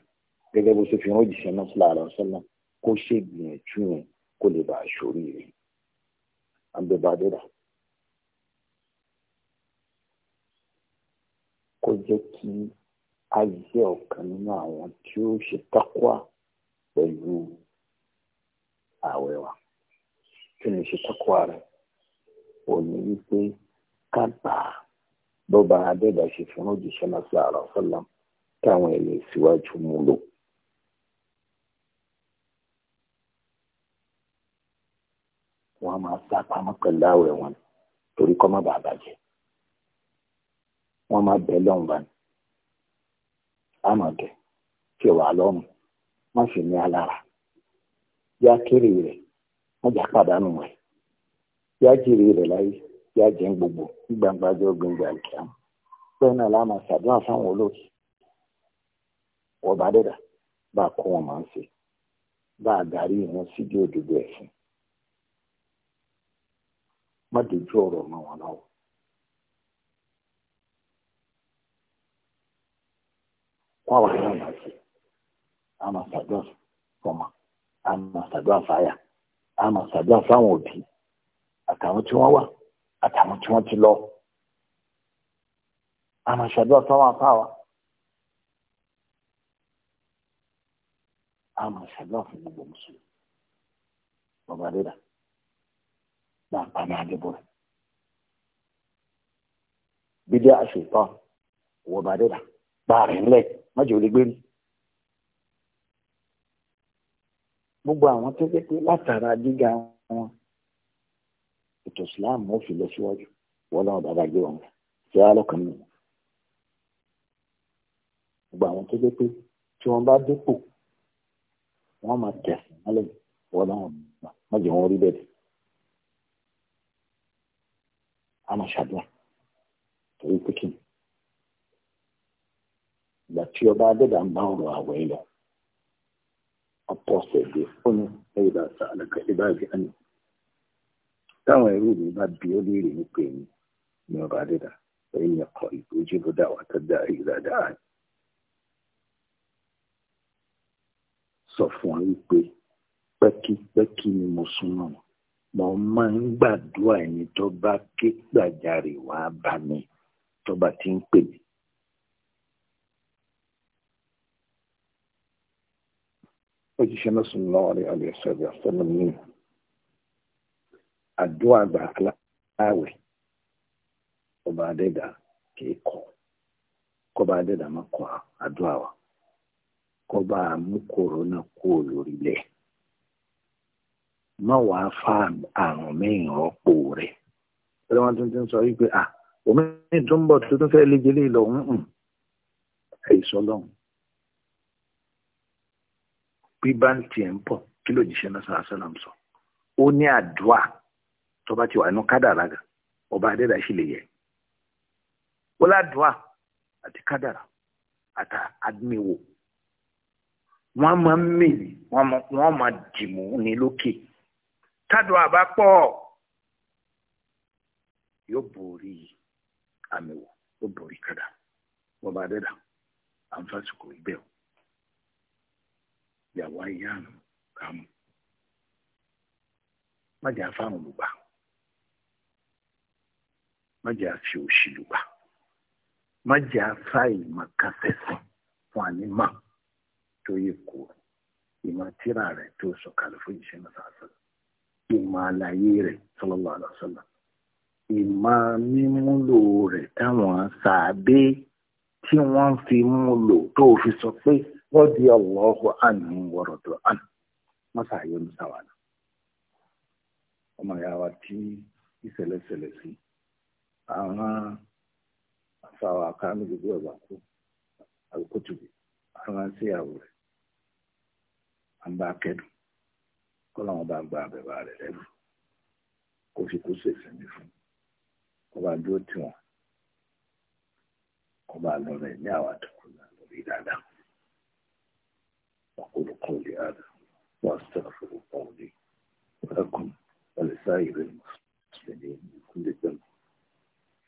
gẹ́gẹ́ bó ṣe fi hàn òjìṣẹ́ náà sílá àrà ọ̀sánná kó ṣe gbìyànjú yẹn kó lè bá aṣọ́rí rẹ̀ àbẹ̀bà adẹ́dà kó jẹ́ kí a jẹ́ ọ̀kan nínú àwọn tí ó ṣe tákùá pẹ̀lú ààwẹ̀ wa kí ni ṣe tákùá rẹ̀ òní wípé ká gbà á bọ́ba ṣe fi hàn òjìṣẹ́ náà sílá àrà ọ̀sánná táwọn ẹni síwájú mú lò. wọ́n á máa sá pamọ́ pẹ̀lú àwẹ̀ wọn torí kọ́ má bàa bàjẹ́ wọ́n máa bẹ̀ lọ́hùn bá ní àmọ̀dé fi wà lọ́hùn má sì ní alára yá kéré rẹ̀ wọ́n jà pàdánù rẹ̀ yá jèrè rẹ̀ láyé yá jẹun gbogbo gbàgbàjọ gbẹngbà kíá bẹ́ẹ̀ náà láàmà ṣàdúrà fáwọn olóòtú. ọba dịda ba kụọ ma nsị ba gara ihu si dị odogo efu mmadụ ju ọrụ n'ụwa n'ọwụ kwawa ya na nsị amasadọs fọma amasadọs aya amasadọs anwa obi atamuchi nwawa atamuchi nwachi lọ amasadọs anwa pawa àmọ́ ṣàdúrà fún gbogbo mùsùlùmí bàbá dẹ́dà bá a pàmì àdébò rẹ̀ bídé àṣetọ́ wọ bàbá dẹ́dà bá a rìn lẹ̀ mọ́jọ orí gbogbo àwọn tó látara gíga wọn ètò Islam ó fi lọ síwájú wọ́n lọ́wọ́ bàbá gbé wọn rẹ̀ ṣé wàá gbogbo àwọn tó tí wọ́n bá dépò wọ́n máa tẹ̀sán mọ́lẹ̀ wọ́n náà wọ́n jẹ́ wọn rí bẹ́ẹ̀ a máa ṣàdúrà torí pé kí ni ìgbà tí ọba adẹ́dà ń bá ọ̀rọ̀ àwẹ̀ lọ ọ̀pọ̀ ṣẹ̀dẹ̀ fún ẹ̀yìn bá sa àlàkà ìbáàgì àná táwọn ẹrú mi bá bí ó léèrè nípa èmi ni ọba adẹ́dà ẹ̀yìn ẹ̀kọ́ ìgbójú bó dá tó dá ìgbà dáa ni. sọ fún wa wípé pẹ́kípẹ́kí ni mo súnmọ́ mo máa ń gbàdúrà ẹni tó bá ké gbàjarè wá bá mi tó bá ti ń pè mí. òjíṣẹ́ náà sùn ní ọ̀lẹ́ ìṣẹ̀lẹ̀ ọ̀sẹ̀lẹ̀ mi àdúrà aláwẹ̀ ọba adẹ́dà kì í kọ́ kọ́ba adẹ́dà máa kọba àmú kòrónà kú olórílẹ̀ má wàá fa àrùn mẹ́yìn rọ́pò rẹ̀ pẹ̀lú wọn tuntun sọ wípé à omi tó ń bọ̀ tuntun fẹ́ lé jẹlé lọ ń àìsọ lọ́hùn bí bá ń tiẹ̀ ń bọ̀ kí ló jíṣẹ́ náà sọ̀rọ̀ sọ́nà sọ ó ní àdúrà tó bá ti wà nínú kádàrá gan ọba adẹ́dàá sì lè yẹ ó ládùúà àti kádàrá àtà adúmíwò wọ́n máa ń mèlè wọ́n máa dìmú ní lókè tádùn àbápọ̀ yóò borí àmì wò yóò borí kàdà wọ́n bá dẹ́dà àǹfààsìkò ibẹ̀ o ìyàwó ayé àná kàmú má jẹ́ àfáàrùn lùgbà má jẹ́ àfi òṣì lùgbà má jẹ́ àfáàyè màkàfẹ́sẹ̀ fún ànímọ́. tó yẹ kó ìmọ̀ tíra rẹ̀ tó sọ̀kalẹ̀ fún ìṣẹ́ mọ́sàásán ìmọ̀ àlàyé sallallahu alaihi wasallam ìmọ̀ mímúlò rẹ̀ táwọn sàbẹ́ tí wọ́n fi múlò tó fi sọ pé wọ́n di ọlọ́ọ̀hún àná wọ̀rọ̀dọ̀ àná mọ́sàáyọ́ wa kan ń bá kẹ́dùn kó làwọn bá gba àbẹ̀bà rẹ̀ lẹ́rù kó fi kó ṣe ìsinmi fún kó bá dúró tì wọ́n kó bá lọ rẹ̀ ní àwọn àtúkù náà lórí dáadáa أقول قولي هذا وأستغفر قولي ولكم ولسائر المسلمين من كل ذنب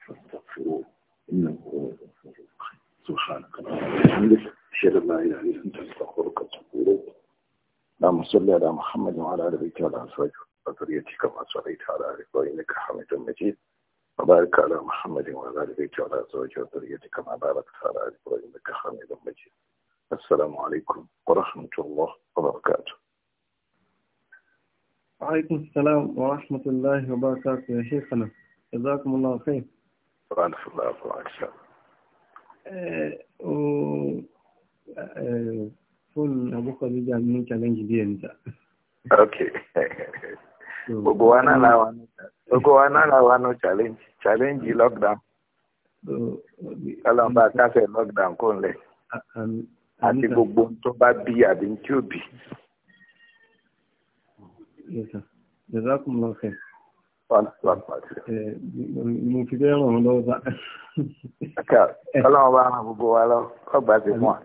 فاستغفروه إنه هو الغفور الرحيم سبحانك اللهم وبحمدك أشهد أن لا إله إلا أنت أستغفرك وأتوب إليك اللهم صل على محمد وعلى ال بيته وعلى ازواجه وذريته كما صليت على ال ابراهيم انك حميد مجيد وبارك على محمد وعلى ال بيته وعلى ازواجه وذريته كما باركت على ال ابراهيم انك حميد مجيد السلام عليكم ورحمه الله وبركاته وعليكم السلام ورحمة الله وبركاته يا شيخنا جزاكم الله خير وعلى الله وبركاته fóònù àbúkọ̀ níjà ní challenge díẹ̀ níta. ok gbogbo wa náà la wà ní gbogbo wa náà la wà ní challenge challenge ah. lockdown kálọ̀mbà káfẹ́ lockdown kò ń lẹ̀ àti gbogbo tó bá bí àbí tí ò bí. Jazakumullahu khair eh, mo fi bẹ́ẹ̀ ràn lọ́wọ́ bá. ọlọ́run bá ràn gbogbo wa lọ kọ́gbà ti fún wa.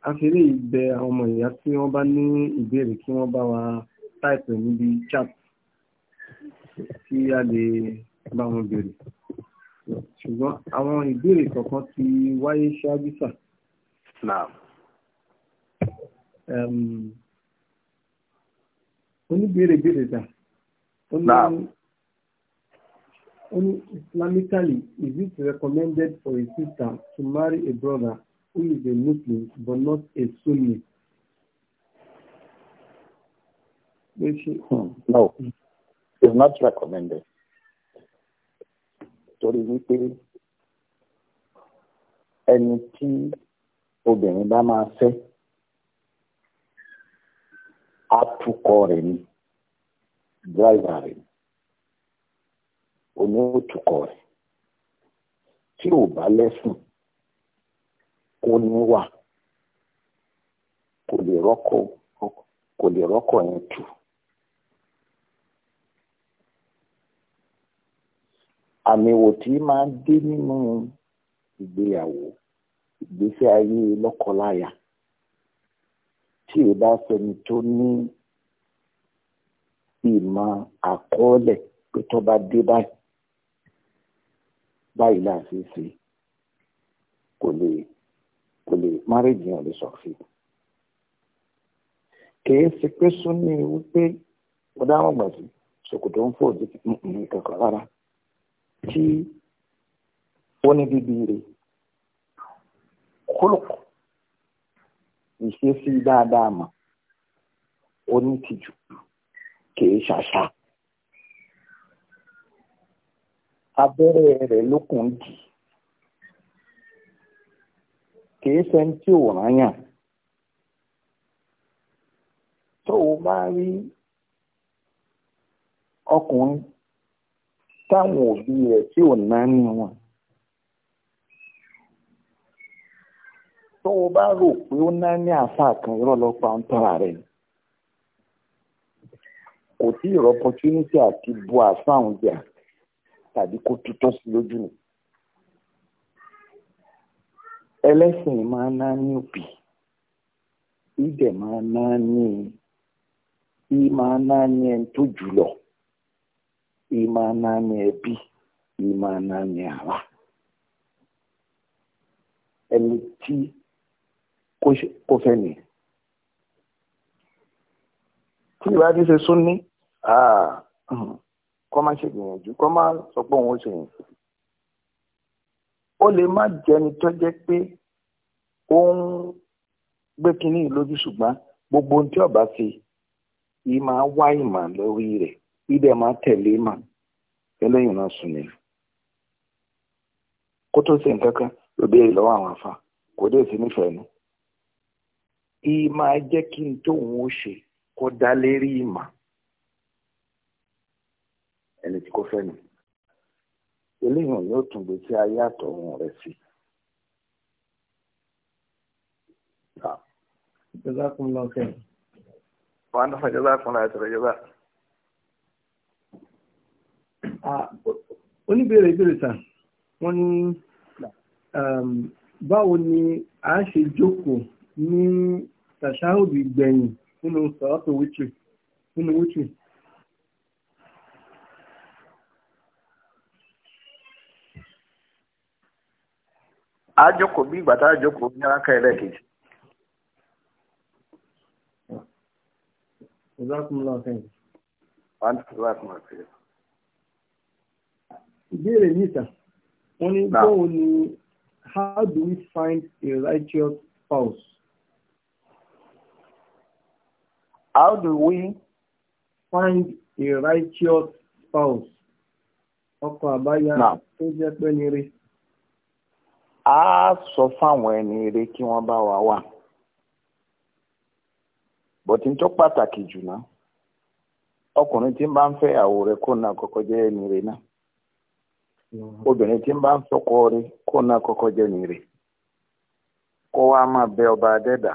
a fi lè bẹ àwọn ọmọ ìyá tí wọ́n bá ní ìbéèrè kí wọ́n bá wa táìpù níbi chat tí a lè bá wọn béèrè ṣùgbọ́n àwọn ìbéèrè kọ̀ọ̀kan ti wáyé ṣáájú sà. oníbéèrè béèrè sà. ó islamically is it recommended for a sister to marry a brother who is a muslim but not a sunni. Hmm. no it's not recommended. torí wípé ẹni tí obìnrin bá máa fẹ́ atukọ̀ rẹ̀ ni driver rẹ̀ ni oní òtùkọ rẹ̀ tí ò bá lẹ́sùn kó níwà kò lè rọ́kọ̀ kò lè rọ́kọ̀ yẹn tù. àmì wò tí máa dé nínú ìgbéyàwó ìgbésí ayé lọ́kọláya tí ì bá sẹni tó ní ìmọ̀ àkọọ́lẹ̀ pé tó bá dé báyìí báyìí náà ṣe ṣe kò lè kò lè márèjì yẹn lè sọ sí i kìí ṣe pé súnni wípé ọ̀daràn gbàtí ṣòkòtò ń fò di mm, mm, kankan rárá tí ó ní bíbí rẹ̀ kólùkù ìṣesí dáadáa mà ó ní tìjú kìí ṣàṣà. abẹ́rẹ́ rẹ̀ lókun dì kìí sẹ́ni tí ò ráyàn tó o bá rí ọkùnrin táwọn òbí rẹ̀ tí ò náání wọn tó o bá rò pé ó náání àáfàá kan irọ́ lọ́pàá ń tọ́ra rẹ̀ kò tí ì àti bu àfáàwọn jà tàbí kó tuntun sí lójú nù. ẹlẹ́sìn máa ná ní òbí ìdẹ̀ máa ná ní ì máa ná ní ẹni tó jùlọ ì máa ná ní ẹbí ì máa ná ní ara ẹni tí kò fẹ́ ni. tí ìbá ṣe sún ní. Ah kọ́ máa ṣègbìyànjú kọ́ máa sọ pé òun ó ṣe yẹn. ó lè má jẹni tó jẹ́ pé ó ń gbé kínní lójú ṣùgbọ́n gbogbo ohun tí ọba ṣe yìí máa wá ìmọ̀ lórí rẹ̀ bíbẹ̀ máa tẹ̀lé ìmọ̀ ẹlẹ́yìn náà sùn ni. kó tó ṣe nǹkan kan ló béèrè lọ́wọ́ àwọn afa kò dé sí nífẹ̀ẹ́ nu. ìmọ̀ á jẹ́ kí n tóun ó ṣe kó dá lérí ìmọ̀ ẹni tí kò fẹ́ nù eléyàn yóò tún gbé sí ayé àtọ̀hún rẹ̀ sí. jazakum allah khair. wa an dafa jazakum allah khair oníbèrè ìbéèrè sàn wọ́n ní um, báwo ni a ṣe jókòó ní tàṣáhùdì gbẹ̀yìn nínú sọ̀rọ̀tò wítìrì nínú wítìrì àjòkó bí ìgbà tá àjòkó ní aráka ẹlẹ́kejì. ìbéèrè yìí wọ́n ní báwo ni how do we find a righteous spouse? How do we find a righteous spouse? Ọkọ àbáyá tó jẹ́ pẹ́ni rí. a sọ fáwọn ẹni eré kí wọ́n bá wa wà bọ̀tí tó pàtàkì jù náà ọkùnrin tí ń bá ń fẹ́ ìyàwó rẹ̀ kó náà kọ́kọ́ jẹ́ ẹni rẹ̀ náà obìnrin tí ń bá ń sọkọ kó ẹni kó máa bẹ ọba adẹ́dà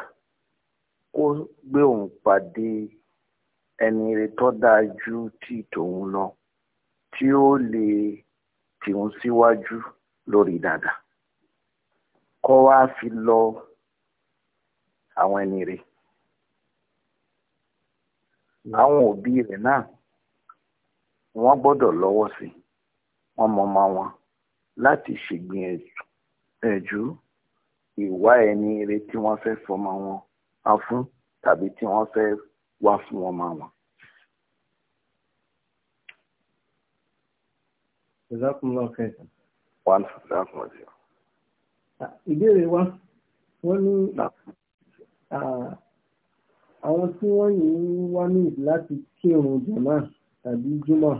kó gbé òun pàdé ẹni rẹ̀ tó dáa ju ti tòun lọ tí ó lè tì ń kọ́ wá fi lọ àwọn ẹni rẹ̀ mm. àwọn òbí rẹ̀ náà wọ́n gbọ́dọ̀ lọ́wọ́ sí wọ́n mọ̀mọ́ wọn láti ṣègbìyànjú ìwà ẹni rẹ̀ tí wọ́n fẹ́ fọmọ wọn á fún tàbí tí wọ́n fẹ́ wá fún ọmọ wọn. جزاكم الله خيرا وأنا جزاكم الله خيرا ìbéèrè wa wọ́n ní àwọn tí wọ́n yìí ń wá ní láti kírun jọ̀mọ́ tàbí jùmọ̀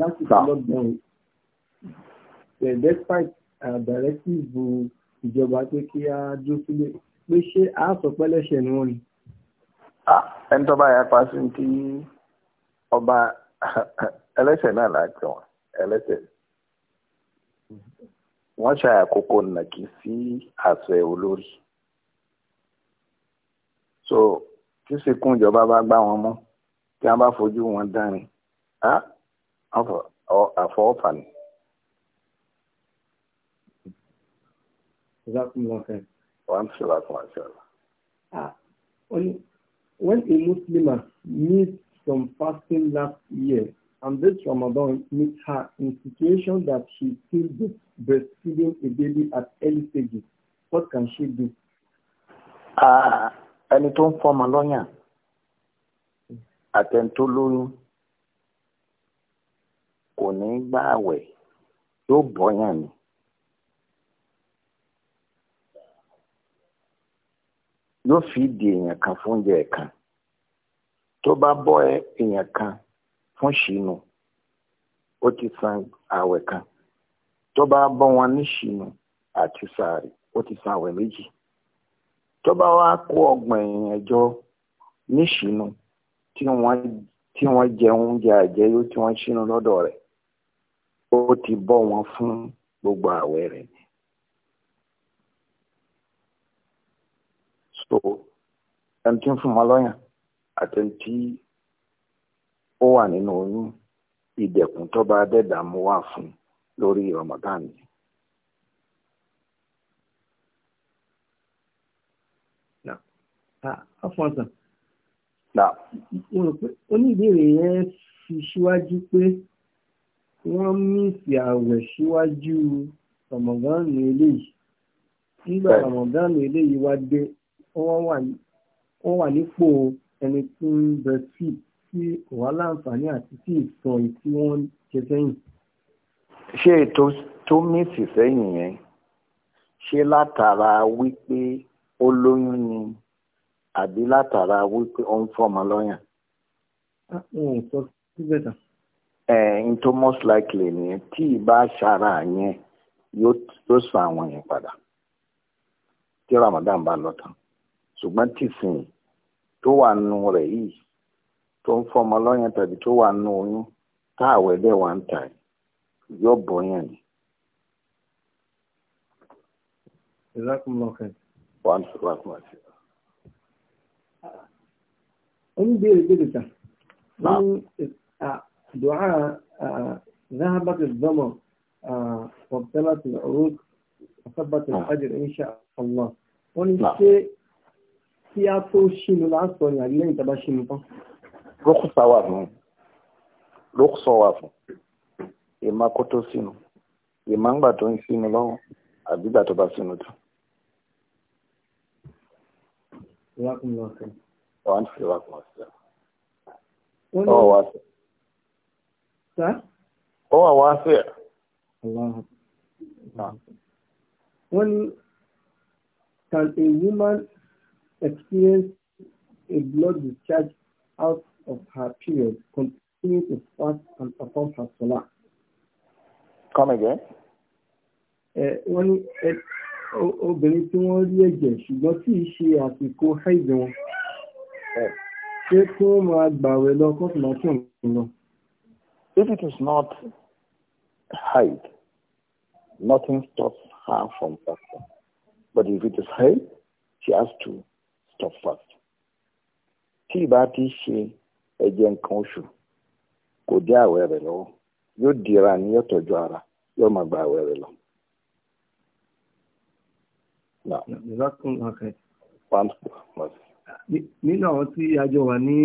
láti lọ́gbọ̀n despite directive ìjọba pé kí a dó sílé pé ṣé a sọ pé lẹ́sẹ̀ ni wọ́n ni. ẹni tó bá yapa sí ti ọba ẹlẹ́sẹ̀ náà láti wọn ẹlẹ́sẹ̀ wọ́n ṣàkókò nàkí sí àṣẹ olórí so tí sìnkún ìjọba bá gbá wọn mú tí wọ́n bá fojú wọn dárin àfọwọ́fà ni. One silver, one silver. Ah, only when a Muslim meets some fasting last year and this Ramadan meets her in situation that she still breastfeeding a baby at early stages. What can she do? Ah, ẹni any time for lọ́yàn àtẹni tó lóyún kò ní gbà àwẹ̀ yóò bọ́yàn ni. Yóò fi di èèyàn kan fún oúnjẹ kan tó bá bọ́ èèyàn kan fún ṣìnú ó ti san ààwẹ̀ kan tó bá bọ́ wọn ní ṣìnú àti sàárì ó ti san ààwẹ̀ méjì tó bá wá kó ọgbọ̀n èèyàn ní ṣìnú tí wọ́n jẹ oúnjẹ àjẹyó tí wọ́n ṣínú lọ́dọ̀ rẹ̀ ó ti bọ́ wọn fún gbogbo ààwẹ̀ rẹ̀ ni. so ẹni tí ń fún wọn lọ́yàn àtẹ̀ntí ó wà nínú oyún ìdẹ̀kùn tọ́ba adẹ́dà mú wá fún lórí Ramadan yìí. afọ́nsàn mo rò pé oníbèrè yẹn fi síwájú pé wọ́n mísì àwẹ̀ síwájú Ramadan eléyìí nígbà Ramadan eléyìí wá dé wọ́n wà nípò ẹni tí ń bẹ síìpù tí kò wá láǹfààní àti tí ìsọ tí wọ́n jẹ sẹ́yìn. ṣé ètò tó mìsì sẹ́yìn yẹn ṣé látara wípé ó lóyún ni àbí látara wípé ó ń fọmọ lọ́yàn. wọn ah, ò sọ síbẹ̀ tán. ẹ n tó most likely nìyẹn tí ìbá ṣara yẹn yóò sọ àwọn yẹn padà tí Ramadan bá lọ tán ṣùgbọ́n tìsín tó wà nù rẹ̀ yìí tó ń fọmọ lọ́yàn tàbí tó wà nù oyún táàwẹ̀ dẹ̀ wà ń tà yóò bọ́yàn ni. oníbèrè bèrè kan dùá ذهبت الضمر وابتلت العروق وثبت الاجر ان شاء الله wọ́n ní ṣé kí a tó ṣínú lásán ní àrílẹ́yìn tàbá ṣínú tán rọ́kùsà wà fún rọ́kùsà wà fún ìmá kó tó sínú ìmá ń gbà tó ń sínú lọ́wọ́ àbí gbà tó bá sínú tó. wọ́n ti wá kùn ọ̀sẹ̀. ọwọ́ wá sí. ọwọ́ wá sí ẹ̀. Ah. wọ́n ní can a woman experience a blood discharge out of her period continue to fast and perform her salah. Come again. Wọ́n ní obìnrin tí wọ́n rí ẹ̀jẹ̀ ṣùgbọ́n tí ì ṣe àsìkò haid wọn. Ṣé kí wọ́n máa gbàwẹ̀ lọ kọ́sùmọ́ tí òun lọ? If it is not haid, nothing stops her from fasting. But if it is haid, she has to stop fast. Tí ì bá ti ṣe ẹ̀jẹ̀ nǹkan oṣù kò dé àwẹ̀ rẹ̀ lọ́wọ́ yóò dira ni yóò tọ́jú ara yóò máa gba àwẹ̀ rẹ̀ lọ. nínú àwọn tí a jọ wà ní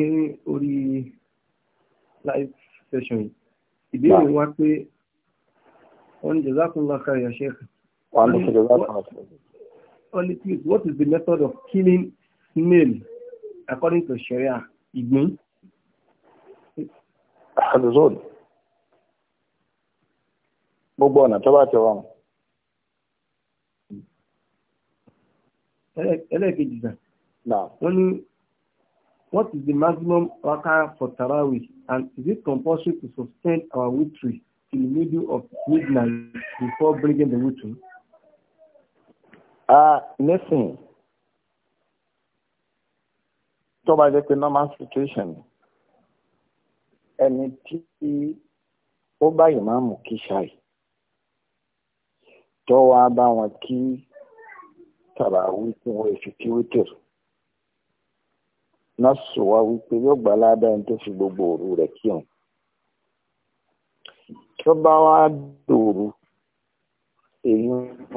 orí live session yìí ìbéèrè wa pé wọ́n ní jazakallah khair ya sheikh. wọ́n ní jazakallah khair. only please what is the method of killing snail according to sharia ìgbín àti zone gbogbo ọ̀nà tó bá ti rọrùn. ẹlẹ́ẹ̀kejì sàn. wọ́n ní what is the maximum waka for tarawih and is it compulsory to suspend our in the middle of midnight before breaking the witri. ah nísìnyí tó bá jẹ́ pé normal situation ni ẹni tí ó bá ìmáàmù kí ṣáì tó wá bá wọn kí tàràwí tí wọn èsì kí wítìrì nọ́ọ̀sì wa wípé yóò gbà ládàá ẹni tó fi gbogbo òru rẹ̀ kírun tó bá wá dòru èyí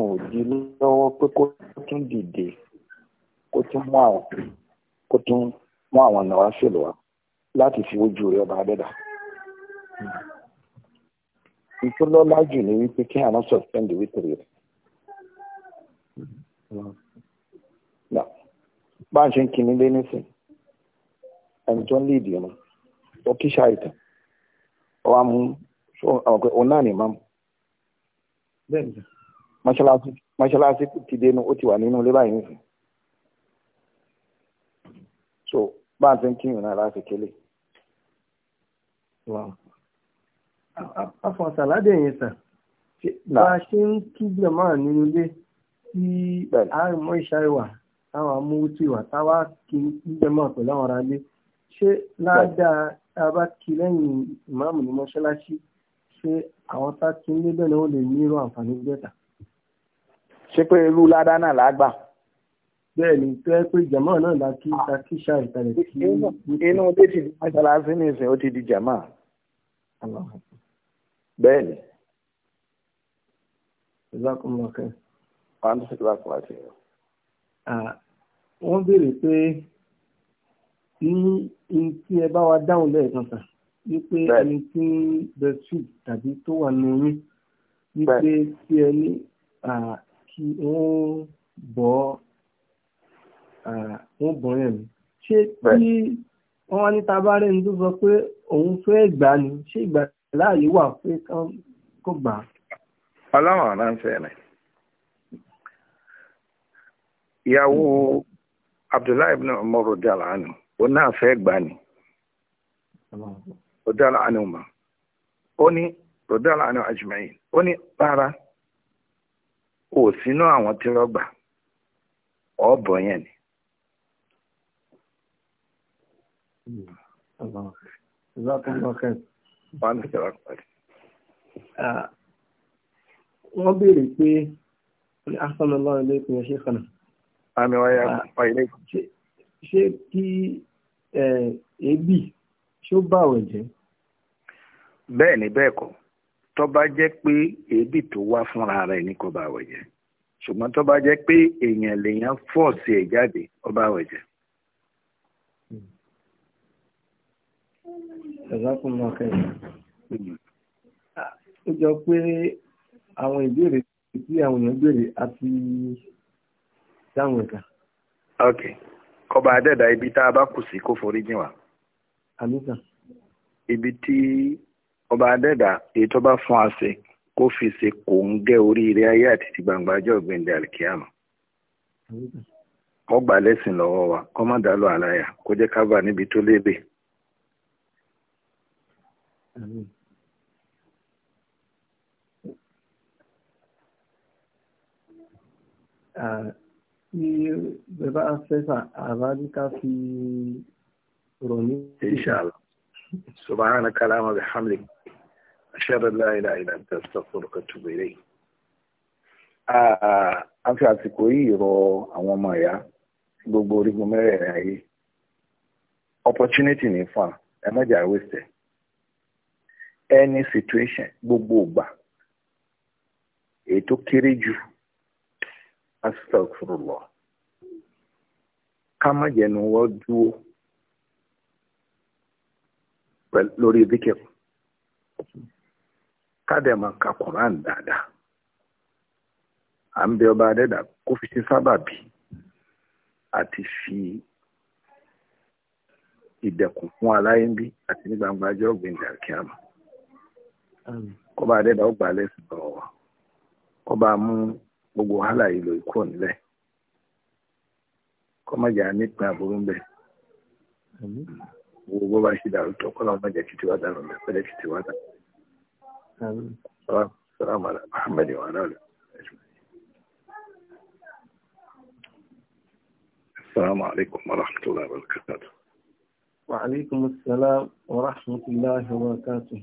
ò di lọ́wọ́ pé kó tún dìde kó tún mú àwọn kó tún mú àwọn náà wá sílùú wa láti fi ojú rẹ ọba adẹ́dà ìtọ́lọ́lá jù ní wípé kí àwọn suspend wítìrì rẹ̀ bá a ṣe ń kíni lé nísìn ẹni tó ń lé ìdí ọmọ ó kí ṣáìtàn ọwọ́ amú òun náà ní ìmáàmù mọ́ṣáláṣí ti dénú ó ti wà nínú ilé báyìí nísìn so bá a ṣe ń kíyàn náà láti kélé afọ̀sàládé yẹn sàn bá a ṣe ń túbọ̀ máa nínú ilé tí àárẹ̀mọ́ ìṣàríwà táwọn amóhútìwà táwa kí túbọ̀ máa pẹ̀lú àwọn ará ilé ṣé ládàá tá a bá kí lẹ́yìn ìmáàmù ní mọ́ṣáláṣí ṣé àwọn tá a kí ń lé bẹ́ẹ̀ ni wọ́n lè ní irú àǹfààní gbẹ̀ta. ṣé pé irú ládàá náà lágbà bẹ́ẹ̀ ni tó yẹ pé jàmá náà la kí ta ah. kí ṣá ìtàlẹ̀ kí. inú dé ti di mọ́ṣáláṣí ní ìsìn ó ti di jàmá bẹ́ẹ̀ ni. ìlàkùnmọ̀kẹ́. wọ́n ti ṣètò àkùnrin àti wọ́n béèrè pé ní tí ẹ bá wa dáhùn lẹ́ẹ̀kan kan wípé ẹni tí bertrand tàbí tó wà ní oyún wípé tí ẹ ní kí wọ́n bọ́ wọ́n bọ̀ yẹn ni ṣé tí wọ́n wá ní tabarẹ́ ni tó sọ pé òun fẹ́ gbà ni ṣé ìgbà láàyè wà pé kó gbà á. ọlọ́run aránṣẹ́ rẹ̀ ìyàwó abdullahi ibn umar dala anu ó náà fẹ́ gbà ni ó dala anu ó ní ó dala anu ó ní rárá ò sínú àwọn tí wọ́n gbà ọ̀bọ̀ yẹn ni. جزاكم الله خير wọ́n béèrè pé ahsanallahu ilaykum ya shaykhana àmì wáyé wáyé ṣé kí èébì ṣó bàwẹ̀ jẹ́. bẹ́ẹ̀ ni bẹ́ẹ̀ kọ́ tó bá jẹ́ pé ebi tó wá fúnra ní kò bá ṣùgbọ́n tó bá jẹ ẹ̀zákùnmọ́ kẹ́yìn. ó jọ pé àwọn ìbéèrè tí àwọn èèyàn béèrè àti dáhùn ẹ̀ka. ok kọba adẹ́dà ibi tá a bá kù sí kó forí jìn wá. àmísà. ibi tí ọba adẹ́dà èyí tó bá fún wa ṣe kó fi ṣe kò ń gẹ́ oríire ayé àti ti gbangba ọjọ́ ọ̀gbìndẹ̀ alikiyama. kọ́ gbà lẹ́sìn lọ́wọ́ wa kọ́ má dá lọ àlàyà kó jẹ́ ká bà níbi tó lébè. Àmín. Ní bẹ̀bá afẹ́fà, àbáríká fi rọ̀ ní. Inshallah. سبحانك اللهم وبحمدك أشهد أن لا إله إلا أنت أستغفرك وأتوب إليك a fi àsìkò yìí rọ àwọn ọmọ ìyá gbogbo orígun mẹ́rẹ̀ẹ̀rin ayé opportunity ní fún ẹ mọ́jà waste any situation gbogbo ụgba, eto tó ju jù astagfirullah ká má jẹnu lori dúró lórí zikir ká dẹ̀ máa ka Quran dáadáa à ń ọba adẹ́dà kó fi ṣe sábàbí àti fi ìdẹ̀kùn fún aláyé ń bí àti ní gbangba ọjọ́ ọ̀gbìn kọba adẹ́dà ọgbà lẹ́sìn lọ́wọ́ wa kọba mú gbogbo wàhálà yìí lọ ikú nílẹ̀ kọ́mọ̀jà nípìn àbúrú ń bẹ̀ gbogbo bó bá ṣe dàrú tó kọ́lá ọmọdé títí wá dànù lẹ́ pẹ́lẹ́ títí wá dànù. sọ́lámù alá muhammed wa alá rẹ̀. السلام عليكم ورحمة الله وبركاته وعليكم السلام ورحمة الله وبركاته